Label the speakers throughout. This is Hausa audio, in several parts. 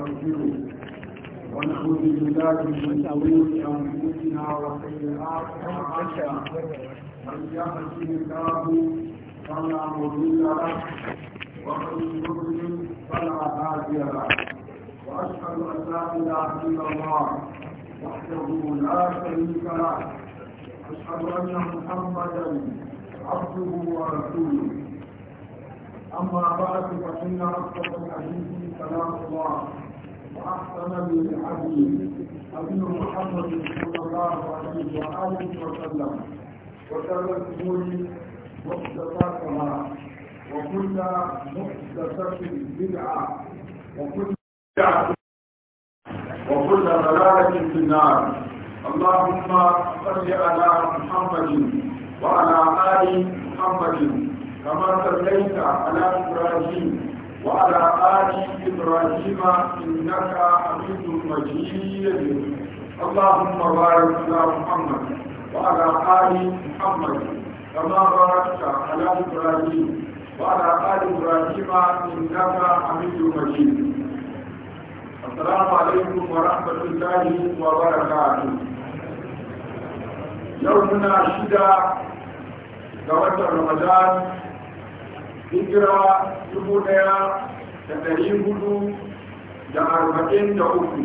Speaker 1: ونعوذ بالله من شرور انفسنا وسيئات اعمالنا من يهده الله فلا مضل له ومن يضلل فلا هادي له واشهد ان لا اله الا الله وحده لا شريك له اشهد ان محمدا عبده ورسوله اما بعد فان اصدق الحديث كلام الله أحسن من الحديث أبي محمد صلى الله عليه وآله وسلم وشر الأمور محدثاتها وكل محدثة بدعة وكل بدعة وكل ضلالة في النار اللهم صل على محمد وعلى آل محمد كما صليت على إبراهيم وعلى آل إبراهيم إنك حميد مجيد اللهم بارك على محمد وعلى آل محمد كما باركت على إبراهيم وعلى آل إبراهيم إنك حميد مجيد السلام عليكم ورحمة الله وبركاته يومنا شدة ga رمضان hijira dubu daya da dari hudu da arba'in da uku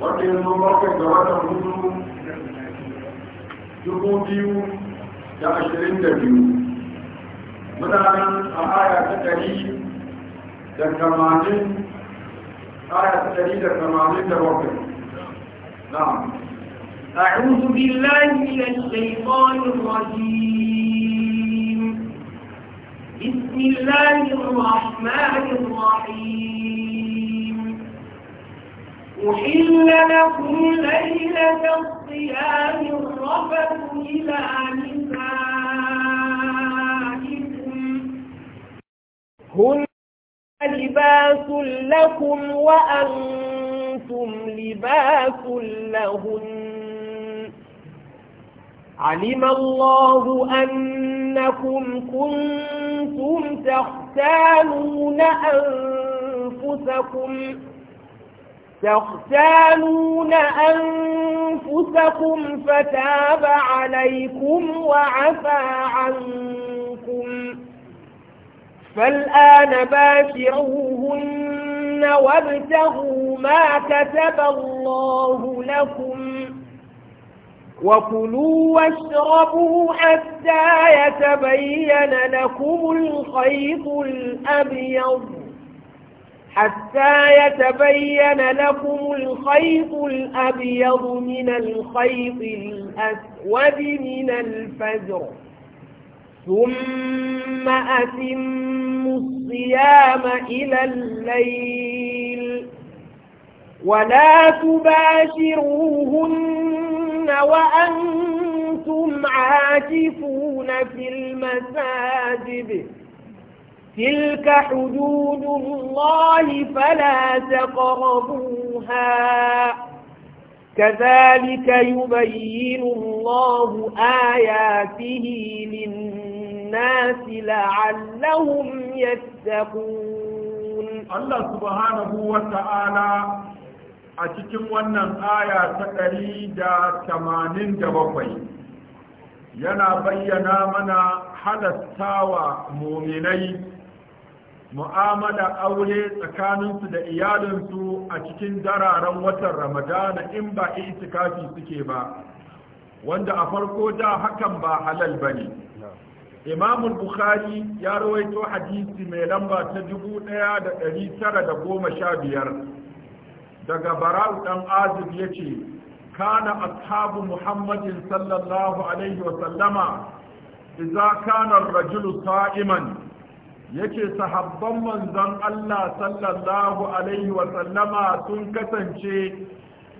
Speaker 1: wanda ya zo bakwai ga watan hudu dubu biyu da ashirin da biyu muna nan a aya ta dari da tamanin aya ta dari da tamanin da bakwai na'am أعوذ
Speaker 2: بالله من الشيطان الرجيم بسم الله الرحمن الرحيم أحل لكم ليلة الصيام الرفث إلى نسائكم هن لباس لكم وأنتم لباس لهن علم الله أنكم كنتم كنتم تختالون أنفسكم تختالون أنفسكم فتاب عليكم وعفى عنكم فالآن باشروهن وابتغوا ما كتب الله لكم وكلوا واشربوا حتى يتبين لكم الخيط الأبيض حتى يتبين لكم الخيط الأبيض من الخيط الأسود من الفجر ثم أتموا الصيام إلى الليل ولا تباشروهن وأنتم عاكفون في المساجد تلك حدود الله فلا تقربوها كذلك يبين الله آياته للناس لعلهم يتقون
Speaker 3: الله سبحانه وتعالى a cikin wannan aya ta ɗari da tamanin da bakwai yana bayyana mana halastawa muminai mu'amala aure tsakaninsu da iyalinsu a cikin dararen watan ramadana in ba itikafi suke ba wanda a farko da hakan ba halal ba ne imam bukhari ya rawaito hadisi mai lamba ta 1915 daga bara'u dan azib yace kana ashabu muhammadin sallallahu alaihi wa sallama kana rajulu sa'iman yace sahabban manzon Allah sallallahu alaihi sun kasance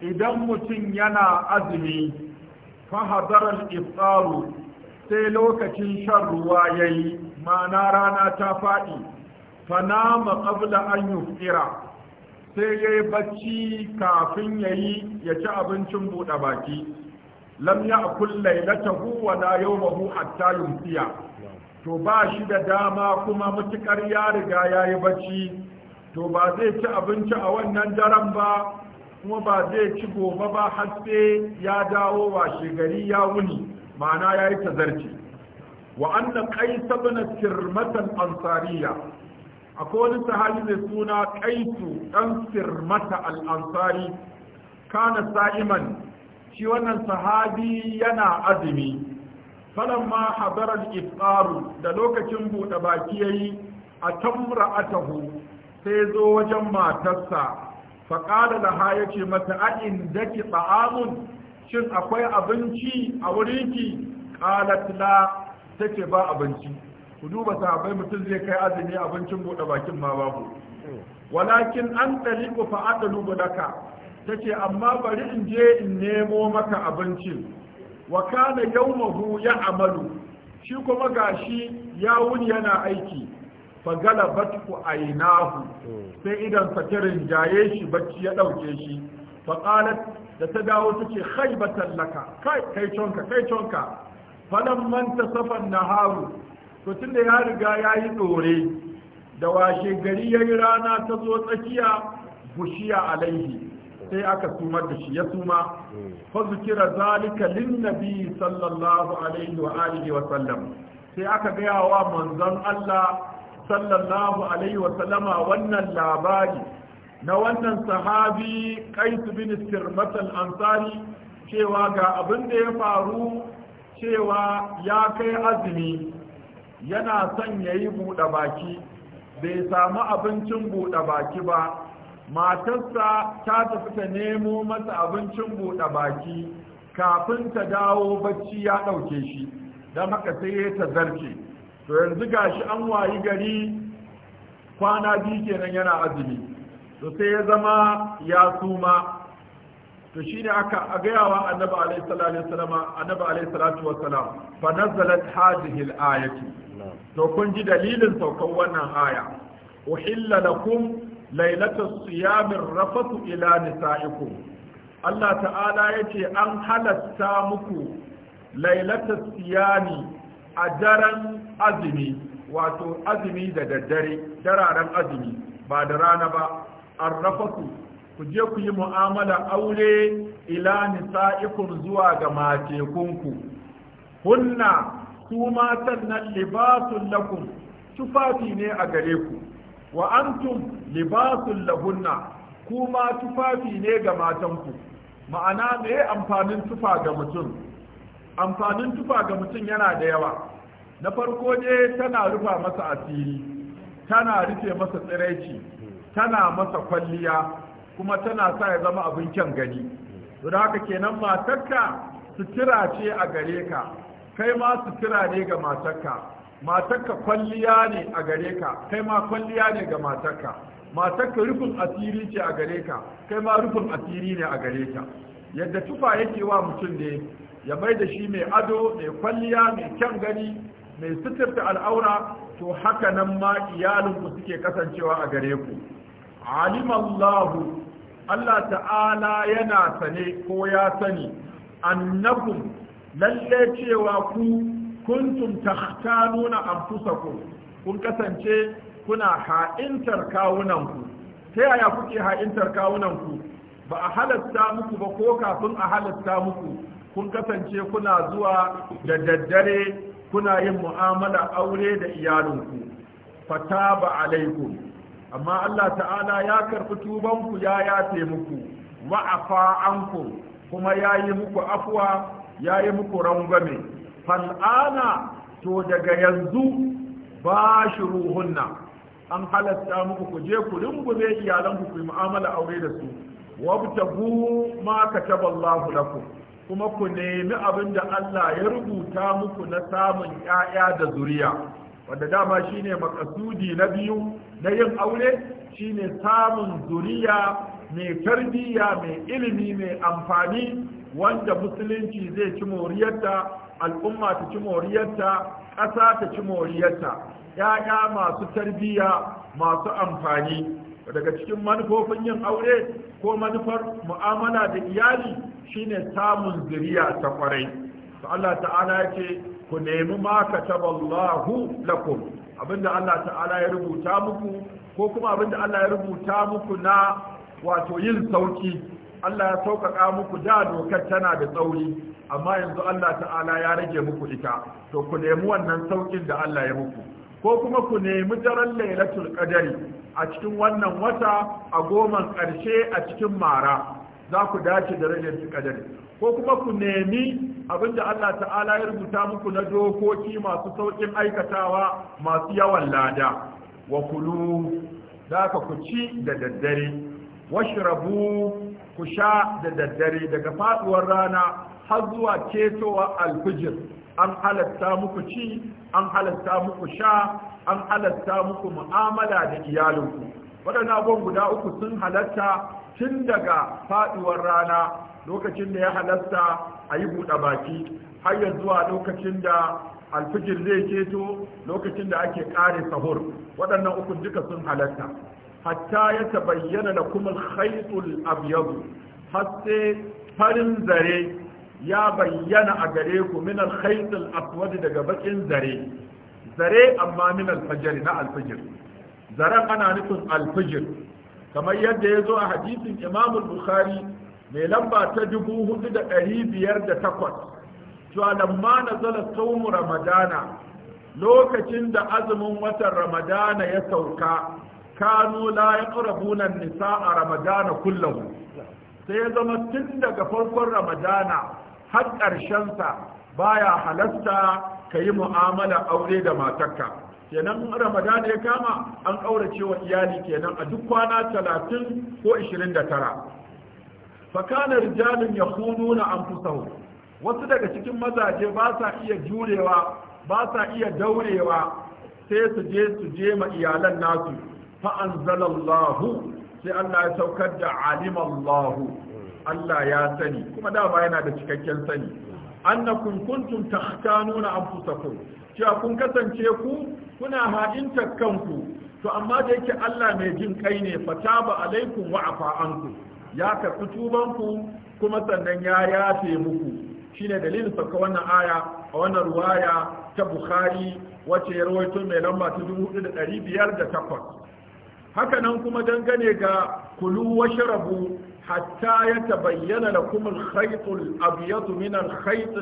Speaker 3: idan mutum yana azumi fa hadara iftaru sai lokacin shan ruwa yayi ma'ana rana ta faɗi fanama qabla an yuftira sai ya yi bacci kafin ya yi ya ci abincin buɗe baki lam ya na lailatahu wa la yawmahu hatta yumsiya to ba shi da dama kuma matukar ya riga ya yi bacci to ba zai ci abinci a wannan daren ba kuma ba zai ci gobe ba har sai ya dawo washe gari ya wuni ma'ana ya yi tazarci wa anna qais ibn kirmatan ansariya akwai wani sahabi mai suna kaitu dan firmata al-ansari kana sa'iman shi wannan sahabi yana azumi falamma hadara al-iftaru da lokacin bude baki yayi a tamra'atahu sai zo wajen matarsa faƙada da ha ya ce mata a inda ki ta'amun shin akwai abinci a wurinki ƙalat la ta ce ba abinci ku duba sahabbai mutum zai kai azumi abincin buɗe bakin ma babu walakin an taliku fa adalu budaka tace amma bari in je in nemo maka abincin wa kana yawmuhu amalu shi kuma gashi ya wuni yana aiki fa galabatu ku nahu sai idan fatirin jaye shi bacci ya ɗauke shi fa qalat da ta dawo ce khaybatan laka kai kai chonka kai manta falamman tasafa naharu to da ya riga ya yi ɗore da washe gari ya yi rana ta zo tsakiya bushiya alaihi sai aka sumar da shi ya suma hmm. fa kira, zalika lin nabi sallallahu alaihi wa alihi wa sallam sai aka gaya wa manzon Allah sallallahu alaihi wa sallama wannan labari na wannan sahabi Qais bin Sirmat al-Ansari cewa ga abin da ya faru cewa ya kai azumi yana son ya yi buɗe baki bai samu abincin buɗe baki ba matarsa ta tafi ta nemo masa abincin buɗe baki kafin ta dawo bacci ya ɗauke shi don haka sai ya ta zarce to yanzu gashi an wayi gari kwana biyu kenan yana azumi to sai ya zama ya suma to shi ne aka a gayawa annabi alaihi salatu wassalam fa nazalat hadhihi al to kun ji dalilin saukan wannan aya uhilla lakum lailata Siyamin rafatu ila nisaikum Allah ta'ala ya ce an halatta muku lailata siyami a daren azumi wato azumi da daddare dararen azumi ba da rana ba an arrafatu ku je ku yi mu'amala aure ila nisa'ikum zuwa ga matekunku hunna su matan nan libasun lakum tufafi ne a gare ku wa antum libasun lahunna kuma tufafi ne ga matanku ma'ana me amfanin tufa ga mutum amfanin tufa ga mutum yana da yawa na farko ne tana rufa masa asiri tana rufe masa tsiraici tana masa kwalliya kuma tana sa ya zama abin kyan gani don haka kenan matarka sutura ce a gare ka kai ma sutura ne ga matarka matarka kwalliya ne a gare ka kai ma kwalliya ne ga matarka matarka rufin asiri ce a gare ka kai ma rufin asiri ne a gare ka. yadda tufa yake wa mutum ne ya mai da shi mai ado mai kwalliya mai kyan gani mai suturta al'aura to haka nan ma iyalinku suke kasancewa a gare ku alimallahu Allah ta'ala yana sane ko ya sani annakum lalle cewa ku kuntum takhtanuna anfusakum kun kasance kuna ha'intar kawunanku ta yaya kuke ha'intar kawunanku ba a halatta muku ba ko kafin a halatta muku kun kasance kuna zuwa da daddare kuna yin mu'amala aure da iyalinku fataba alaikum amma Allah ta'ala ya karɓi tubanku ya yafe muku wa'afa ankum kuma ya yi muku afuwa ya yi muku rangwame fal'ana to daga yanzu ba shi ruhunna an halatta muku ku je ku rungume iyalanku ku yi mu'amala aure da su bu ma kataba Allahu lakum kuma ku nemi abin da Allah ya rubuta muku na samun ‘ya'ya da zuriya, wanda dama shine makasudi na biyu na yin aure shine samun zuriya mai tarbiyya mai ilimi mai amfani wanda musulunci zai ci moriyarta al'umma ta ci moriyarta ƙasa ta ci moriyarta ‘ya'ya masu tarbiyya masu amfani daga cikin manufofin yin aure ko manufar mu'amala da iyali shine samun zuriya ta kwarai to Allah ta'ala ya ce ku nemi ma kataballahu lakum abinda Allah ta'ala ya rubuta muku ko kuma abinda Allah ya rubuta muku na wato yin sauki Allah ya sauƙaƙa muku da dokar tana da tsauri amma yanzu Allah ta'ala ya rage muku ita to ku nemi wannan sauƙin da Allah ya muku ko kuma ku nemi daren lailatul qadari a cikin wannan wata a goman ƙarshe a cikin mara za ku dace da lailatul qadari ko kuma ku nemi abin da Allah ta'ala ya rubuta muku na dokoki masu sauƙin aikatawa masu yawan lada wa kulu za ka ku ci da daddare washrabu ku sha da daddare daga faduwar rana har zuwa ketowa alfijir an halatta muku ci an halatta muku sha an halatta muku mu'amala da iyalinku waɗannan abubuwan guda uku sun halatta tun daga faduwar rana lokacin da ya halatta a yi buɗe baki har ya zuwa lokacin da alfijir zai keto lokacin da ake ƙare sahur waɗannan uku duka sun halatta hatta ya tabayyana na kuma khaitul abyadu sai farin zare ya bayyana a gare ku min alkhaitul aswad daga bakin zare zare amma min alfajr na alfajr zaren ana nufin alfajr kamar yadda ya zo a hadisin imam bukhari mai lamba ta dubu hudu da ɗari biyar da takwas cewa lamma na zala saumu ramadana lokacin da azumin watan ramadana ya sauka kanu la yaqrabuna nisa nisaa ramadana kullahu sai ya zama tun daga farkon ramadana har ƙarshen sa baya halasta kayi mu'amala aure da matarka kenan ramadana ya kama an ƙaurace wa iyali kenan a duk kwana talatin ko 29 fa kana rijalun an anfusahum wasu daga cikin mazaje ba sa iya jurewa ba sa iya daurewa sai su je su je ma iyalan nasu فأنزل الله سألنا يتوكد علم الله Allah ya sani kuma dama yana da cikakken sani annakum kuntum takhtanuna anfusakum cewa kun kasance ku kuna haɗinta kanku to amma da yake Allah mai jin kai ne fataba alaikum wa afa anku ya karɓi tubanku kuma sannan ya yafe muku shine dalilin saka wannan aya a wannan ruwaya ta Bukhari wacce ya rawaito mai lamba ta 4508 haka nan kuma dangane ga kulu washrabu hatta ya tabayyana bayyana al-khayt al-abyad min al-khayt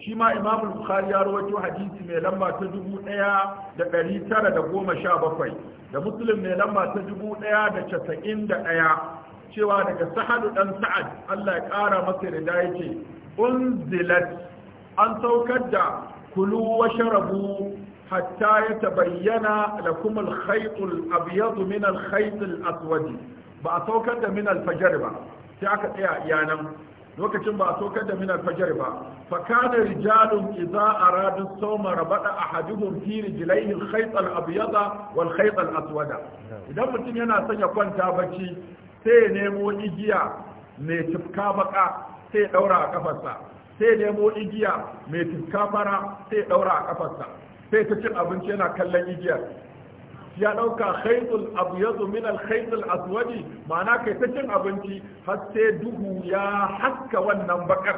Speaker 3: shi ma imam al-bukhari ya rawaito hadisi mai lamba ta 1917 da musulun mai lamba ta ɗaya. cewa daga sahadu dan sa'ad Allah ya kara masa rida yace unzilat an saukar da kulu washrabu hatta ya tabayyana lakum al-khayt al-abyad min al-khayt ba a saukar da min al-fajr ba sai aka tsaya iyanan lokacin ba a saukar da min al ba fa kana rijalun iza aradu sawma rabada ahaduhum fi rijlaihi al-khayt al-abyad wal khayt idan mutum yana sanya kwanta bacci sai ya nemo igiya mai sai ya a kafarsa sai ya nemo igiya mai tufka sai ya a ƙafarsa. sai ta cin abinci yana kallon igiyar ya ɗauka khaytul abyadu min al khaitul aswadi ma'ana kai ta cin abinci har sai duhu ya haska wannan bakar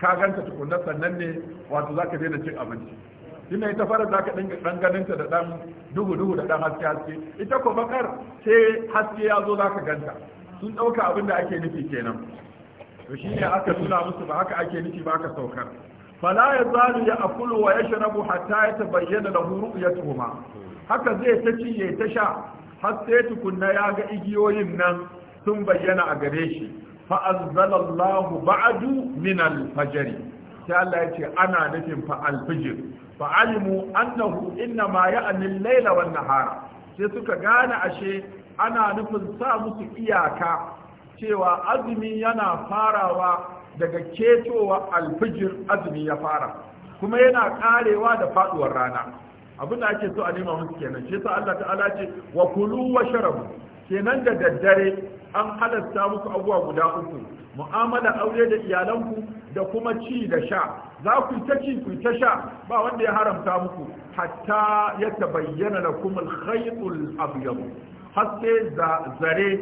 Speaker 3: ka ganta tukunna sannan ne wato zaka daina cin abinci tunda ita fara zaka dinga dan ta da dan duhu duhu da dan haske haske ita ko bakar sai haske ya zo zaka ganta sun ɗauka abin da ake nufi kenan to shine aka nuna musu ba haka ake nufi ba aka saukar fala ya zalu ya akulu wa ya sharabu hatta ya tabayyana ya ru'yatuhuma haka zai ta ci ya ta sha har sai tukunna ya ga igiyoyin nan sun bayyana a gare shi fa anzalallahu ba'du min al-fajr sai Allah ya ce ana nufin fa al-fajr fa alimu annahu inna ma ya'ni al-layla wan nahara sai suka gane ashe ana nufin sa musu iyaka cewa azumi yana farawa daga ketowa alfijir azumi ya fara kuma yana karewa da faduwar rana abin da ake so a nema musu kenan shi yasa Allah ta'ala ce wa kulu wa sharabu kenan da daddare an halasta muku abuwa guda uku mu'amala aure da iyalanku da kuma ci da sha za ku ta ci ku ta sha ba wanda ya haramta muku hatta ya tabayyana lakum al-khaytul abyad hatta sai zare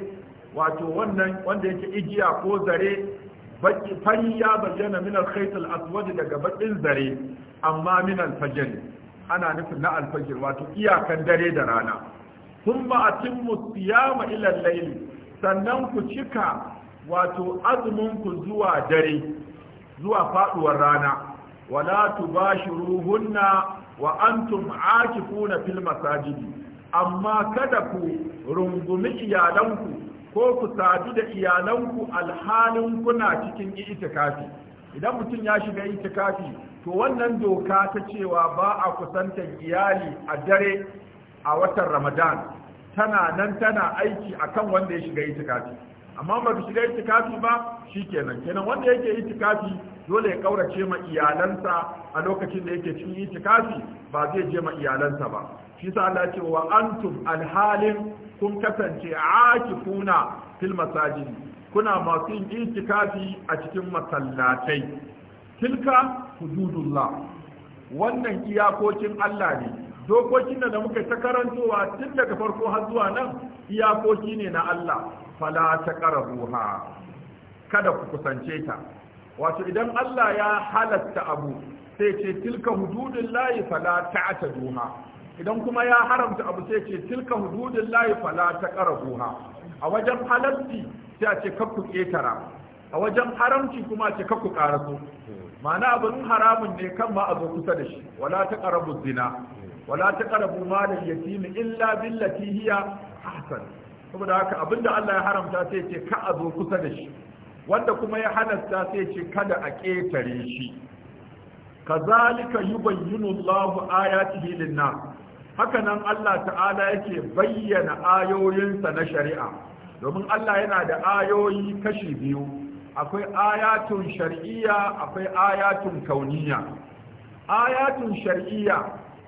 Speaker 3: wato wannan wanda yake igiya ko zare baki fari ya bayyana min al-khayt aswad daga bakin zare amma min al ana nufin na al wato iyakan dare da rana thumma atimmu siyama ila al-layl sannan ku cika wato azumin ku zuwa dare zuwa faduwar rana wala tubashiruhunna wa antum aakifuna fil masajidi amma kada ku rungumi iyalanku ko ku sadu da iyalanku alhalin kuna cikin itikafi idan mutum ya shiga itikafi to wannan doka ta cewa ba a kusantar iyali a dare a watan ramadan tana nan tana aiki akan wanda ya shiga itikafi amma ba ku shiga itikafi ba shikenan kenan wanda yake itikafi dole ya kaurace ma iyalansa a lokacin da yake cikin itikafi ba zai je ma iyalansa ba shi sa Allah ce wa antum alhalin kun kasance akifuna fil masajid kuna masu yin itikafi a cikin masallatai tilka hududullah wannan iyakokin Allah ne dokokin da muka ta karantowa tun daga farko har zuwa nan iyakoki ne na Allah fala taqrabuha kada ku kusance ta wato idan Allah ya halatta abu sai ce tilka hududullah fala ta'taduha idan kuma ya haramta abu sai ce tilka hududin layi fala ta karabuha a wajen halarci sai a ce kakku ƙetara a wajen haramci kuma a ce kakku ƙaraso ma'ana abin haramun ne kan ma a zo kusa da shi wala ta karabu zina wala ta karabu malin yatimi illa billati hiya ahsan saboda haka abinda Allah ya haramta sai ce ka a zo kusa da shi wanda kuma ya halasta sai ce kada a ƙetare shi kazalika yubayyinu Allahu ayatihi lin-nas haka nan Allah ta'ala yake bayyana ayoyinsa na shari'a domin Allah yana da ayoyi kashi biyu akwai ayatun shar'iyya akwai ayatun kauniya ayatun shar'iyya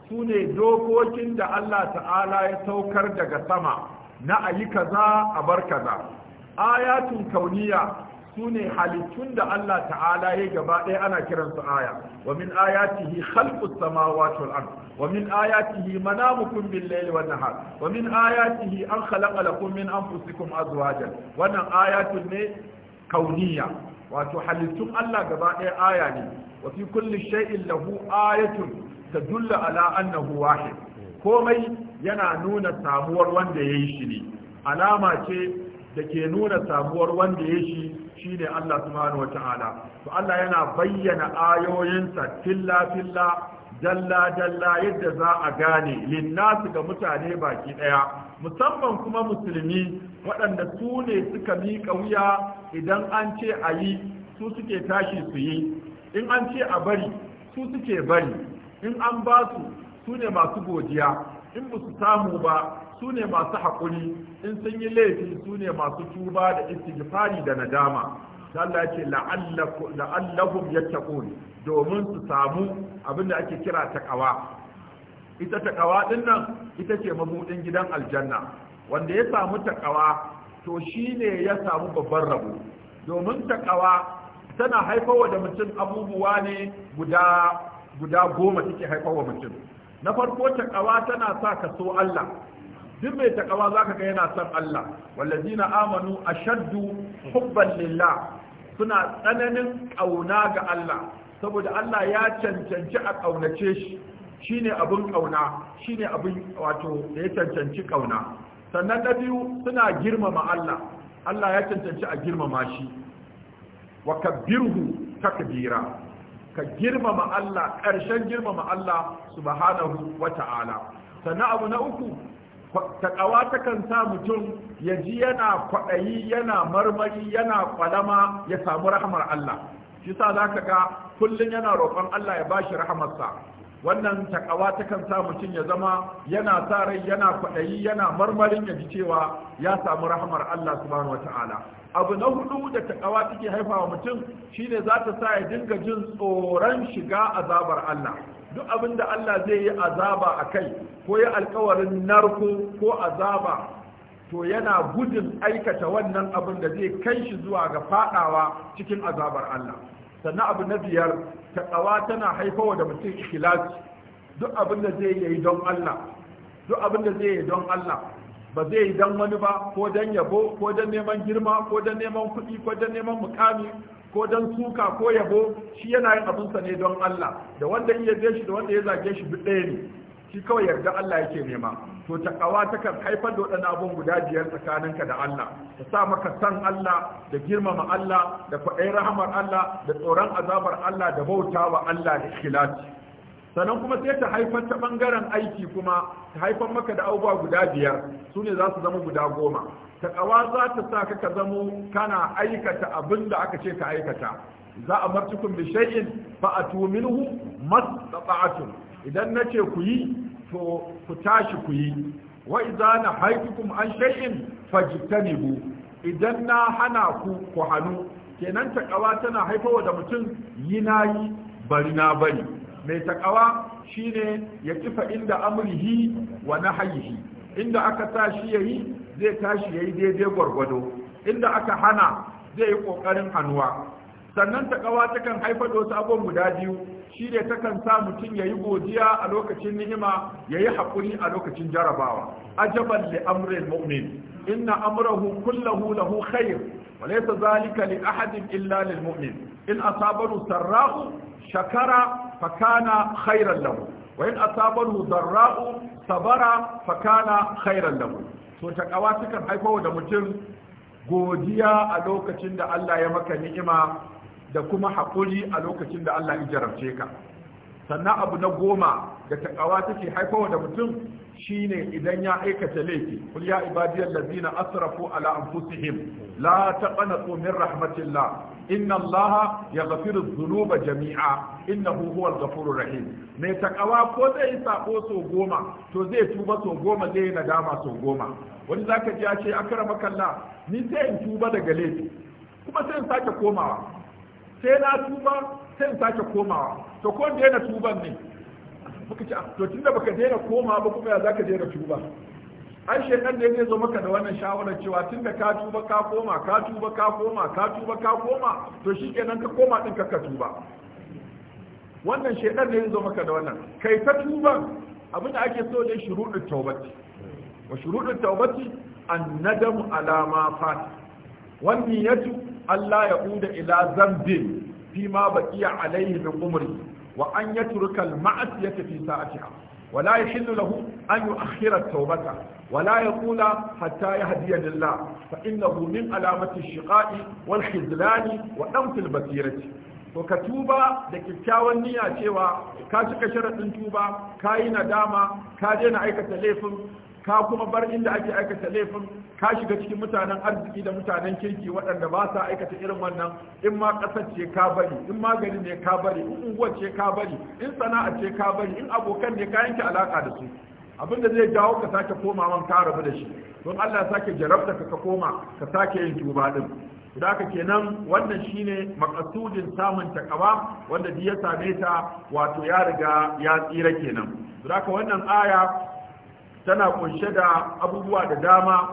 Speaker 3: su ne dokokin da Allah ta'ala ya saukar daga sama na ayi kaza a bar kaza ayatun kauniya su ne halittun da Allah ta'ala ya gaba ɗaya ana su aya wa min ayatihi khalqus samawati wal ard wa min ayatihi manamukum bil layli wan nahar wa min ayatihi an khalaqa lakum min anfusikum azwajan wannan ayatun ne kauniya wato halittun Allah gaba ɗaya aya ne wa fi kulli shay'in lahu ayatun tadullu ala annahu wahid komai yana nuna samuwar wanda yayi shi ne alama ce da ke nuna samuwar wanda ya shi shi ne Allah subhanahu wata'ala to Allah yana bayyana ayoyinsa filla filla dalla dalla yadda za a gane linnasu ga mutane baki ɗaya. musamman kuma musulmi waɗanda su ne suka miƙa wuya idan an ce a yi su suke tashi su yi in an ce a bari su suke bari in an ba su su ne masu godiya in ba su samu ba su ne masu haƙuri in sun yi laifi su ne masu tuba da istighfari da nadama Allah ce la'allahum yattaqun domin su samu abin da ake kira taqawa ita taqawa din nan ita ce mabudin gidan aljanna wanda ya samu taqawa to shine ya samu babban rabo domin taqawa tana haifawa da mutum abubuwa ne guda guda goma take haifawa mutum na farko taqawa tana sa ka so Allah duk mai takawa zaka ga yana son Allah na amanu shaddu hubban lillah suna tsananin ƙauna ga Allah saboda Allah ya cancanci a ƙaunace shi abin ƙauna, shi ne abin wato da ya cancanci ƙauna. sannan na biyu suna girmama Allah Allah ya cancanci a girmama shi wa kabbirhu takbira ka girmama Allah ƙarshen girmama Allah subhanahu wa ta'ala sannan abu na uku taƙawa takan sa mutum ya ji yana kwaɗayi yana marmari yana kwalama ya samu rahamar Allah shi sa za ka ga kullum yana roƙon Allah ya bashi rahamarsa wannan taƙawa takan sa mutum ya zama yana sa rai yana kwaɗayi yana marmarin ya ji cewa ya samu rahamar Allah subhanahu wata'ala abu na hudu da taƙawa take haifawa mutum shine za ta sa ya dinga jin tsoron shiga azabar Allah duk abin da Allah zai yi azaba a kai ko ya alkawarin narko ko azaba to yana gudun aikata wannan abin da zai kai shi zuwa ga fadawa cikin azabar Allah sannan abu na biyar taqawa tana haifawa da mutum ikhlasi duk abin da zai yi don Allah duk abin da zai yi don Allah ba zai yi don wani ba ko don yabo ko don neman girma ko don neman kuɗi ko don neman mukami ko don suka ko yabo shi yana yin abinsa ne don Allah da wanda iya je shi da wanda ya zage shi duk ɗaya ne shi kawai yarda Allah yake nema to takawa kan haifar da waɗannan abun guda biyar tsakaninka da Allah ta sa maka san Allah da girmama Allah da faɗai rahamar Allah da tsoron azabar Allah da bautawa Allah da ikhlasi sannan kuma sai ta haifar ta bangaren aiki kuma ta haifar maka da abubuwa guda biyar su ne za su zama guda goma taƙawa za ta sa ka ka zamo kana aikata abin da aka ce ka aikata za a martukun bi shay'in fa a tuminu mastata'atun idan na ce ku yi to ku tashi ku yi wa haifi kuma an shay'in fajtanibu idan na hana ku ku hannu kenan taƙawa tana haifawa da mutum yi na yi bari na bari mai taƙawa shine ya kifa inda amrihi wa na nahyihi inda aka sa shi yayi zai tashi ya yi daidai gwargwado inda aka hana zai yi ƙoƙarin hannuwa sannan taƙawa takan haifar da wasu abubuwan guda biyu shi ne takan sa mutum ya yi godiya a lokacin ni'ima ya yi haƙuri a lokacin jarabawa ajaban li amrin mu'min inna amrahu kullahu lahu khair wa laysa zalika li ahadin illa lil mu'min in asabahu sarra'u shakara fakana khairan lahu wa in asabahu darra'u sabara fakana khairan lahu to takawa sukan haifar da mutum godiya a lokacin da Allah ya maka ni'ima da kuma haƙuri a lokacin da Allah ya jarabce ka sannan abu na goma da takawa take haifawa da mutum shine idan ya aikata laifi kul ya ibadiyal ladina asrafu ala anfusihim la taqnatu min rahmatillah inna allaha yaghfiru dhunuba jami'a innahu huwal ghafurur rahim mai takawa ko zai sako so goma to zai tuba so goma zai yi nadama so goma wani zaka ji ya ce akramakallah ni sai in tuba daga laifi kuma sai in sake komawa sai na tuba sai in sake komawa to ko daina tuban ne muka ce ah, to tunda baka daina koma ba kuma ya zaka daina tuba ai shekan da zai zo maka da wannan shawarar cewa tunda ka tuba ka koma ka tuba ka koma ka tuba ka koma to shikenan ka koma din ka ka tuba wannan shekan ne zai zo maka da wannan kai ta tuban abin da ake so ne shuruɗin taubati wa shuruɗin taubati annadamu ala ma fat wan niyatu Allah ya ila zambin fi ma baqiya alayhi min umri wa an yatruka ya masiyata fi sa'atiha wa la yahillu lahu an yu'akhkhira at-tawbata wa la yaqula hatta yahdiya lillah fa innahu min alamati ash-shiqa'i wal khizlani wa damti al to ka tuba da kyakkyawan niyya cewa ka cika sharaɗin tuba ka yi nadama ka daina aikata laifin ka kuma bar inda ake aikata laifin ka shiga cikin mutanen arziki da mutanen kirki waɗanda ba sa aikata irin wannan in ma ƙasar ce ka bari in magani ne ka bari in unguwar ce ka bari in sana'a ce ka bari in abokan ne ka yanke alaƙa da su abin da zai jawo ka sake koma man ka rabu da shi don Allah sake jarabta ka ka koma ka sake yin tuba din da haka kenan wannan shine makasudin samun takawa wanda ya same ta wato ya riga ya tsira kenan da haka wannan aya tana kunshe da abubuwa da dama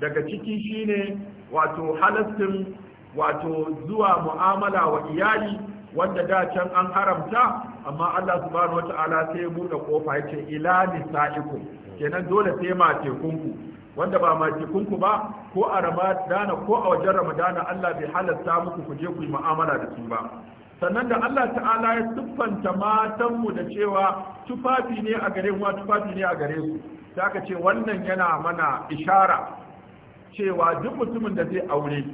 Speaker 3: daga ciki shine wato halastin wato zuwa mu'amala wa iyali wanda da can an haramta amma Allah subhanahu wata'ala sai ya buɗe kofa ya ce ila nisa'ikum kenan dole sai mace kunku wanda ba mace kunku ba ko a ramadana ko a wajen ramadana Allah bai halarta muku ku je ku yi mu'amala da su ba sannan da Allah ta'ala ya siffanta matanmu da cewa tufafi ne a gare mu tufafi ne a gare su sai aka ce wannan yana mana ishara cewa duk mutumin da zai aure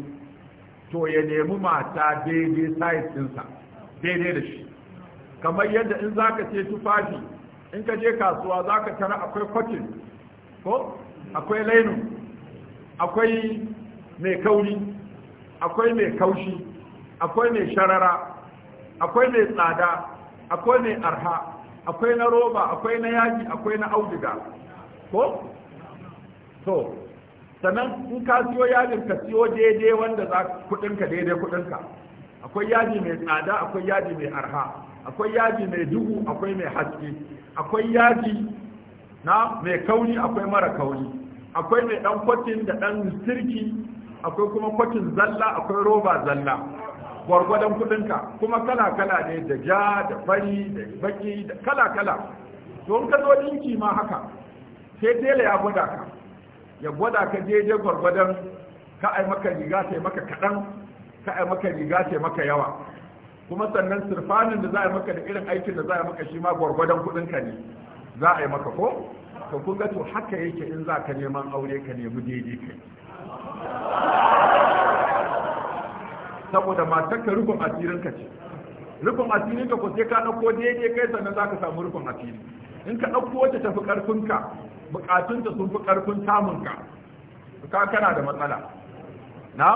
Speaker 3: to ya nemi mata daidai size ɗinsa daidai da shi kamar yadda in zaka ce tufafi in ka je kasuwa zaka tara akwai kwakin, ko akwai lainu akwai mai kauri akwai mai kaushi akwai mai sharara akwai mai tsada akwai mai arha akwai na roba akwai na yaji akwai na auduga ko to sannan in ka siyo yajin ka siyo daidai wanda za kudinka daidai kudinka akwai yaji mai tsada akwai yaji mai arha akwai yaji mai duhu akwai mai haske akwai yaji na mai kauri akwai mara kauri akwai mai dan kwatin da dan sirki akwai kuma kwatin zalla akwai roba zalla gwargwadon kudinka kuma kala-kala ne da ja da fari da baki da kala-kala don ka zo dinki ma haka sai tela ya gwada ka ya gwada ka je gwargwadon ka ai maka riga sai maka kaɗan ka ai maka riga sai maka yawa kuma sannan surfanin da za a yi maka da irin aikin da za a yi maka shi ma gwargwadon kudinka ne za a yi maka ko Ka kun ga to haka yake in za ka neman aure ka nemi daidai kai saboda matar ka rufin asirin ka ce rufin asirin ka ko sai ka dauko daidai kai sannan za ka samu rufin asiri in ka dauko wacce tafi karfin ka bukatun ta sun fi karfin samun ka ka kana da matsala na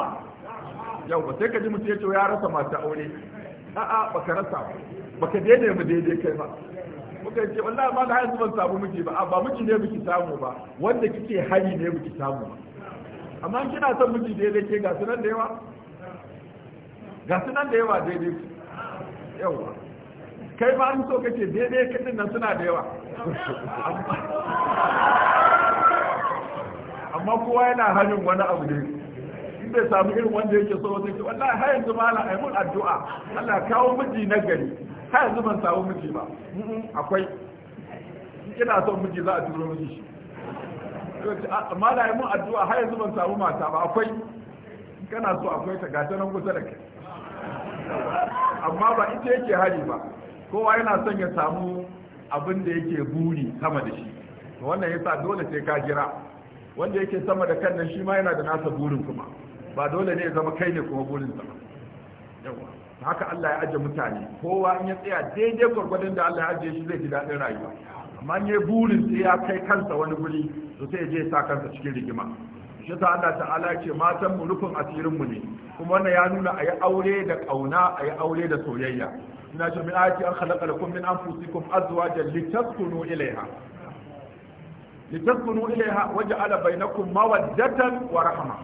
Speaker 3: yau ba sai ka ji mutum ya ce ya rasa masu aure a'a ka rasa ba baka daidai mu daidai kai ba muka ce wallahi ma da har yanzu ban samu miji ba ba miji ne miki samu ba wanda kike hari ne miki samu ba amma kina son miji daidai ke ga sunan da yawa ga nan da yawa daidai su yawa kai ba an so kake daidai kaɗin nan suna da yawa amma kowa yana hannun wani abu ne in bai samu irin wanda yake so wata ce wallahi har yanzu ma na mun addu'a Allah kawo miji na gari har yanzu ban samu miji ba akwai ina son miji za a turo miji shi ah, amma na mun addu'a har yanzu ban samu mata ba akwai kana so akwai ta gata nan kusa da kai amma ba ita yake hari ba kowa yana son ya samu abin da yake buri sama da shi wannan yasa dole sai ka jira wanda yake sama da kannan shi ma yana da nasa burin kuma ba dole ne ya zama kai ne kuma burin sama yawa haka Allah ya aje mutane kowa in ya tsaya daidai gwargwadon da Allah ya aje shi zai ji daɗin rayuwa amma in ya burin sai ya kai kansa wani guri to sai ya je sa kansa cikin rigima shi ta Allah ta'ala ce matan mu rufin asirin mu ne kuma wannan ya nuna ayi aure da kauna ayi aure da soyayya ina ce min ayati an khalaqa lakum min anfusikum azwajan litaskunu ilaiha litaskunu ilaiha waja'ala bainakum mawaddatan wa rahma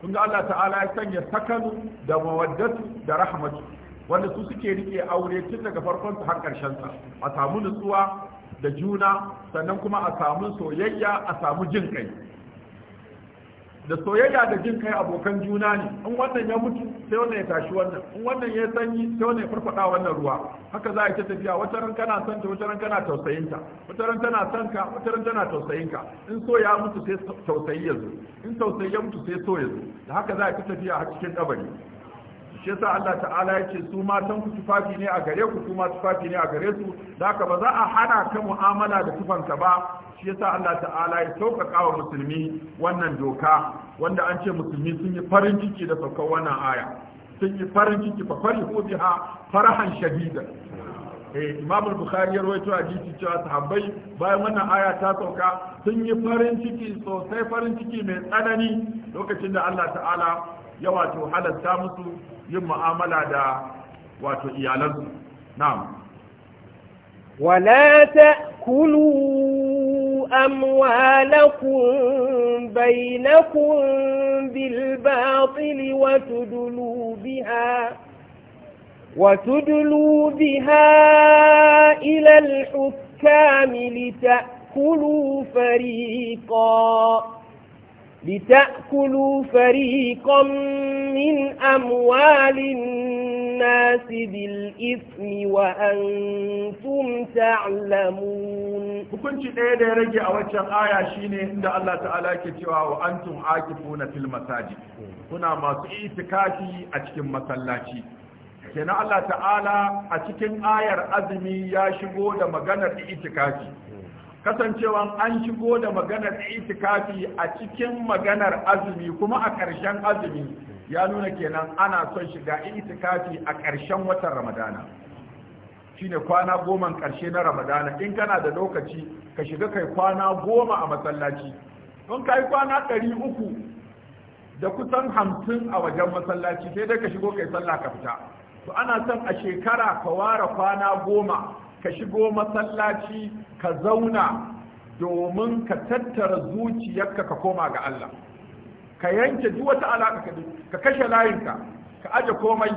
Speaker 3: kun ga Allah ta'ala ya sanya sakanu da mawaddatu da rahmatu wanda su suke rike aure tun daga farkon har karshen sa a samu nutsuwa da juna sannan kuma a samu soyayya a samu jin kai da soyayya da jin kai abokan juna ne in wannan ya mutu sai wannan ya tashi wannan in wannan ya sanyi sai wannan ya farfada wannan ruwa haka za a ce tafiya wata ran kana son ta wata ran kana tausayin ta wata ran tana son ka wata ran tana tausayin ka in so ya mutu sai tausayi ya zo in tausayi ya mutu sai so ya zo da haka za a ce tafiya a cikin kabari shi yasa Allah ta'ala ce su matan ku tufafi ne a gare ku Su ma tufafi ne a gare su zaka ba za a hana ka mu'amala da tufanka ba shi yasa Allah ta'ala ya sauƙaƙa wa musulmi wannan doka wanda an ce musulmi sun yi farin ciki da saukar wannan aya sun yi farin ciki fa farihu biha farahan shadida eh Imam Bukhari ya rawaito hadisi cewa sahabbai bayan wannan aya ta sauka sun yi farin ciki sosai farin ciki mai tsanani lokacin da Allah ta'ala ya wato halatta musu yin mu'amala da wato iyalansu na'am
Speaker 2: ولا تأكلوا
Speaker 3: أموالكم
Speaker 2: بينكم بالباطل وتدلوا بها وتدلوا بها إلى الحكام لتأكلوا فريقاً لتأكلوا amwalin من أموال الناس بالإثم وأنتم تعلمون hukunci ɗaya da ya rage a waccan
Speaker 3: aya shine inda Allah ta'ala ke cewa wa antum akifuna fil masajid kuna masu itikafi a cikin masallaci kenan Allah ta'ala a cikin ayar azumi ya shigo da maganar itikafi kasancewan an shigo da maganar itikafi a cikin maganar azumi kuma a ƙarshen azumi ya nuna kenan ana son shiga itikafi a ƙarshen watan ramadana shine kwana goma ƙarshe na ramadana in kana da lokaci ka shiga kai kwana goma a masallaci don ka yi kwana ɗari uku da kusan hamsin a wajen masallaci sai dai ka shigo kai sallah ka fita to ana son a shekara ka ware kwana goma ka shigo masallaci ka zauna domin ka tattara zuciyarka ka koma ga Allah ka yanke duk wata alaka ka kashe layinka ka aje komai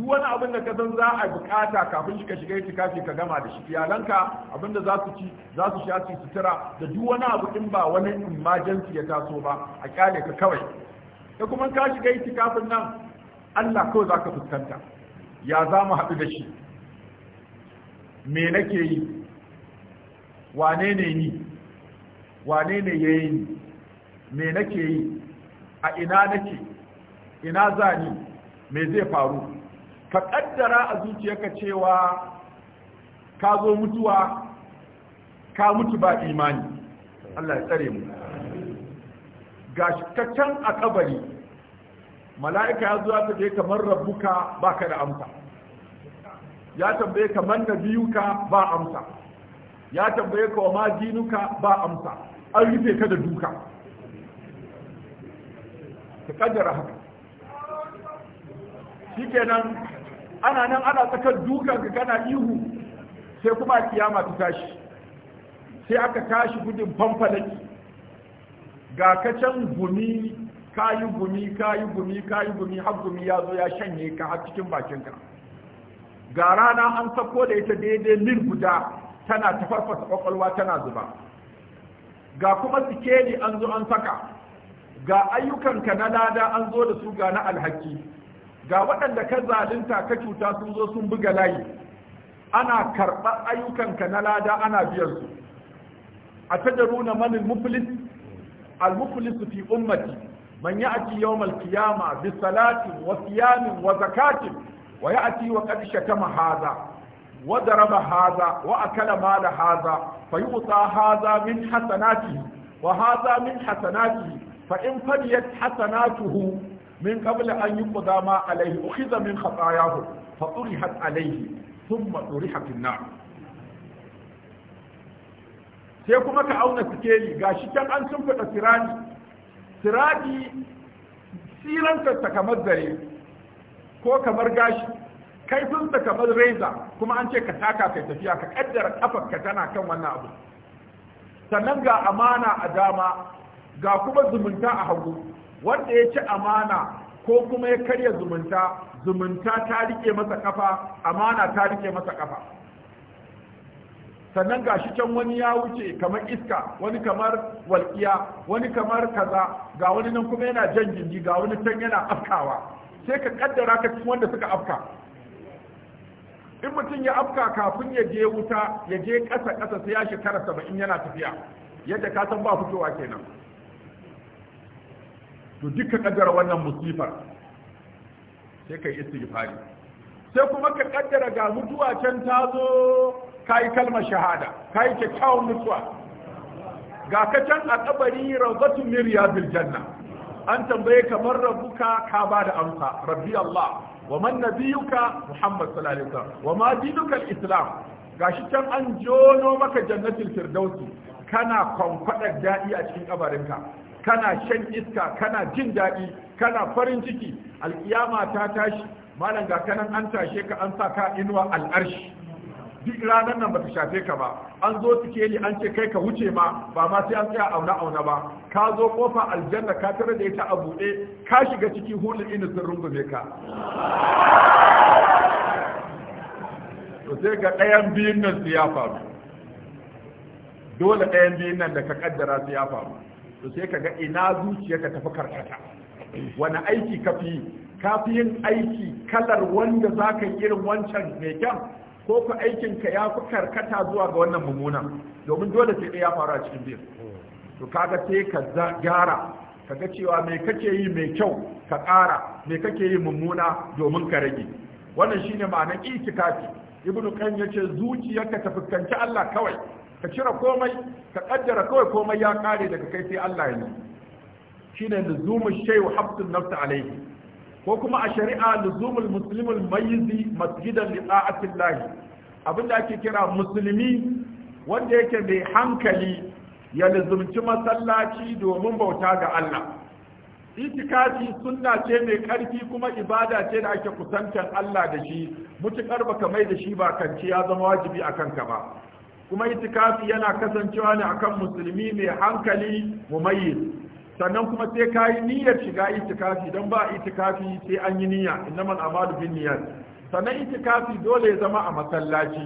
Speaker 3: duk wani abin da ka san za a bukata kafin shi ka shiga tikafi ka gama da shi iyalanka abin da za su ci za su sha su sutura da duk wani abu in ba wani emergency ya taso ba a kyale ka kawai da kuma ka shiga itikafin nan Allah kawai za ka fuskanta ya za mu haɗu da shi me nake yi wane ne ni wane ne ya yi me nake yi a ina nake ina za me zai faru ka kaddara a zuciyarka cewa ka zo mutuwa ka mutu ba imani Allah ya tsare mu ga can a kabari mala'ika ya zo ta je kamar ba ka da amsa ya tambaye ka man ka ba amsa ya tambaye ka wa ma dinuka ba amsa an rufe ka da duka ka kaddara haka shikenan ana nan ana tsakar dukan ka kana ihu sai kuma kiyama ta tashi sai aka tashi gudun fanfalaki ga ka can gumi kayi gumi kayi gumi kayi gumi har gumi ya zo ya shanye ka har cikin bakinka ga rana an sako da ita daidai lin guda tana tafarfasa kwakwalwa tana zuba ga kuma sikeli an zo an saka ga ayyukanka na lada an zo da su ga na alhaki ga waɗanda ka zalunta ka cuta sun zo sun buga layi ana karɓar ayyukanka na lada ana biyar su a tajaruna manin muflis al-muflis fi ummati man ya'ti yawm al-qiyamah bi salatin wa siyamin wa zakatin wa ya'ti wa qad shatama hadha wa daraba hadha wa akala mala hadha fayuta haza min hasanatihi wa hadha min hasanatihi fa in fadiyat hasanatuhu min qabl an yuqda ma alayhi ukhidha min fa sai kuma ka auna sikeli gashi can an sun fada sirani sirani siranta ta kamar zare ko kamar gashi da kamar reza kuma an ce ka taka kai tafiya ka kaddara kafar ka tana kan wannan abu sannan ga amana a dama ga kuma zumunta a hagu wanda ya ci amana ko kuma ya karya zumunta zumunta ta rike masa kafa amana ta rike masa kafa sannan ga shi can wani ya wuce kamar iska wani kamar walƙiya wani kamar kaza ga wani nan kuma yana jan jingi ga wani can yana afkawa sai ka kaddara ka cikin wanda suka afka in mutum ya afka kafin ya je wuta ya je ƙasa ƙasa sai ya shekara saba'in yana tafiya yadda ka san ba fitowa kenan to duka kaddara wannan musifar sai ka yi istighfari sai kuma ka kaddara ga mutuwa can ta zo ka yi kalmar shahada ka yi kyakkyawan mutuwa ga ka can a kabari rabatu miriya Biljanna. an tambaye kamar rabuka ka ba da amsa Rabi allah wa man nabiyuka muhammad sallallahu alaihi wasallam wa ma dinuka islam gashi can an jono maka jannatin firdausi kana kwankwada daɗi a cikin kabarinka kana shan iska kana jin daɗi. kana farin ciki alkiyama ta tashi malam ga kanan an tashe ka an sa ka inuwa al'arshi duk ranar nan ta shafe ka ba an zo ni an ce kai ka wuce ma ba ma sai an tsaya auna auna ba ka zo kofa aljanna ka tare da ita a buɗe ka shiga cikin hulun ina sun rungume ka to sai ga ɗayan biyun nan su ya faru dole ɗayan biyun nan da ka kaddara su ya faru to sai ka ga ina zuciya ka tafi karkata wani aiki ka fi ka fi yin aiki kalar wanda za ka irin wancan mai kyan ko ku aikinka ya fi karkata zuwa ga wannan mummunan domin dole sai ya faru a cikin biyu to kaga sai ka gyara ka ga cewa me kake yi mai kyau ka ƙara me kake yi mummuna domin ka rage wannan shine ma'anar itikafi ibnu qayyim yace zuciyarka ta fuskanci Allah kawai ka cire komai ka kaddara kawai komai ya kare daga kai sai Allah ya yi shine luzumu shay'u habtun nafsi alayhi ko kuma a shari'a luzumul muslimul mayyizi masjidan li Abin abinda ake kira musulmi wanda yake mai hankali ya luzumci masallaci domin bauta ga Allah itikafi sunna ce mai karfi kuma ibada ce da ake kusantar Allah da shi mutukar baka mai da shi ba kanci ya zama wajibi a kanka ba kuma itikafi yana kasancewa ne akan musulmi mai hankali mumayyiz sannan kuma sai ka yi niyyar shiga itikafi don ba itikafi sai an yi niyya innamal amalu bin niyyat sannan itikafi dole ya zama a masallaci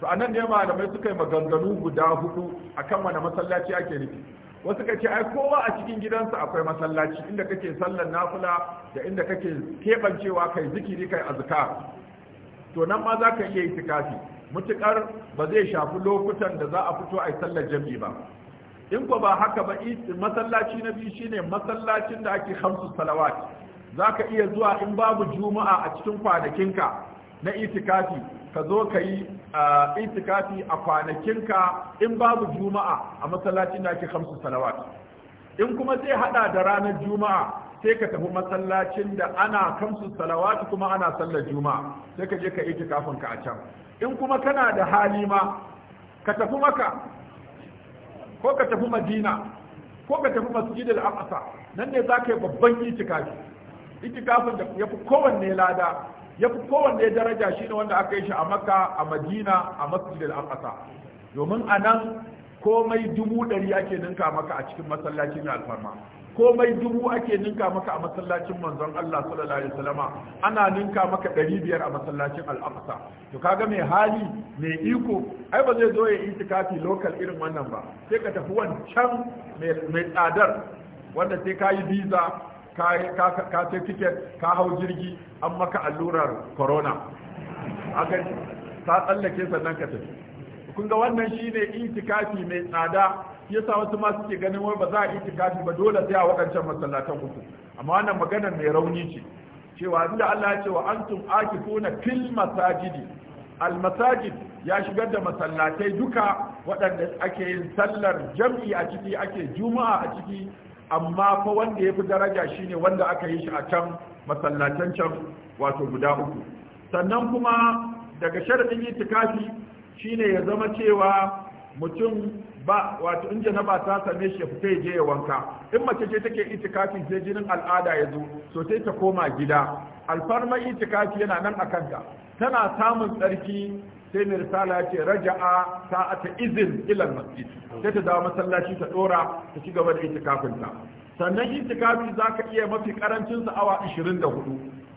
Speaker 3: to anan ne malamai suka yi maganganu guda hudu akan wani masallaci ake nufi wasu kace ai kowa a cikin gidansa akwai masallaci inda kake sallar nafila da inda kake kebancewa kai zikiri kai azkar to nan ma za ka iya itikafi mutukar ba zai shafi lokutan da za a fito a sallar jami'i ba in ko ba haka ba masallaci na biyu shine masallacin da ake hamsu salawat za ka iya zuwa in babu juma'a a cikin kwanakinka na itikafi ka zo ka yi itikafi a kwanakinka in babu juma'a a masallacin da ake hamsu salawat in kuma sai hada da ranar juma'a sai ka tafi masallacin da ana kamsu salawat kuma ana sallar juma'a sai ka je ka itikafin ka a can in kuma kana da hali ma ka tafi maka ko ka tafi madina ko ka tafi masjid al-aqsa nan ne za ka yi babban itikafi itikafin da ya fi kowanne lada ya fi kowanne daraja shine wanda aka yi shi a makka a madina a masjid al-aqsa domin a nan komai dubu ɗari ake ninka maka a cikin masallacin alfarma komai dubu ake ninka maka a masallacin manzon Allah sallallahu alaihi wasallama ana ninka maka ɗari biyar a masallacin al-Aqsa to kaga mai hali mai iko ai ba zai zo ya itikafi local irin wannan ba sai ka tafi wancan mai tsadar wanda sai ka yi visa ka ka tiket ka hau jirgi an maka allurar corona a ta tsallake sannan ka tafi kun ga wannan shine itikafi mai tsada yasa wasu ma suke ganin wai ba za a itikafi ba dole sai a waɗancan masallatan uku amma wannan maganar mai rauni ce cewa inda Allah ya ce wa antum akifuna fil masajidi al masajid ya shigar da masallatai duka waɗanda ake yin sallar jam'i a ciki ake juma'a a ciki amma fa wanda ya fi daraja shine wanda aka yi shi a can masallatan can wato guda uku sannan kuma daga sharaɗin itikafi shine ya zama cewa mutum ba wato in janaba ta same shi fita je ya wanka in mace ce take itikafi sai jinin al'ada ya zo so sai ta koma gida alfarma itikafi yana nan a kanta tana samun tsarki sai mai risala ce raja'a sa'ata izin ilal masjid sai ta dawo masallaci ta dora ta ci gaba da itikafinta sannan itikafi zaka iya mafi karancin sa awa 24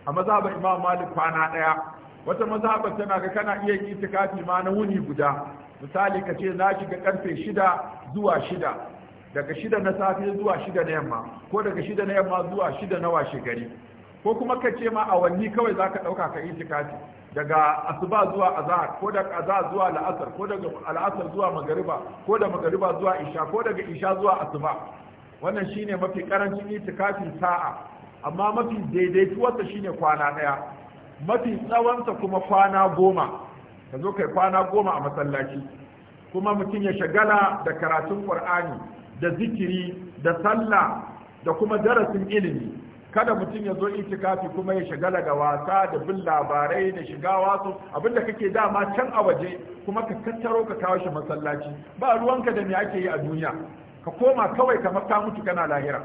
Speaker 3: a mazhabar imam malik kwana daya wata mazhabar tana ga kana iya itikafi ma na wuni guda misali ka ce na shiga karfe shida zuwa shida daga shida na safe zuwa shida na yamma ko daga shida na yamma zuwa shida na washe gari ko kuma ka ce ma awanni kawai za ka ɗauka ka kati daga asuba zuwa azahar ko daga azahar zuwa la'asar ko daga al'asar zuwa magariba ko da magariba zuwa isha ko daga isha zuwa asuba wannan shine mafi karancin itikafin sa'a amma mafi daidaituwarsa shine kwana ɗaya mafi tsawonsa kuma kwana goma ka zo kai kwana goma a masallaci kuma mutum ya shagala da karatun qur'ani da zikiri da sallah da kuma darasin ilimi kada mutum ya zo itikafi kuma ya shagala da wasa da bin labarai da shiga wasu abinda kake dama can a waje kuma ka tattaro ka kawo shi masallaci ba ruwanka da me ake yi a duniya ka koma kawai kamar ka mutu kana lahira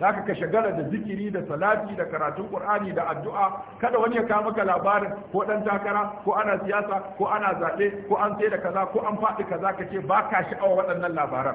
Speaker 3: zaka ka shagala da zikiri da salati da karatun Ƙur'ani da addu'a kada wani ya kawo maka labarin ko dan takara ko ana siyasa ko ana zaɓe ko an sai da kaza ko an faɗi kaza ka ce ba ka sha'awa waɗannan labaran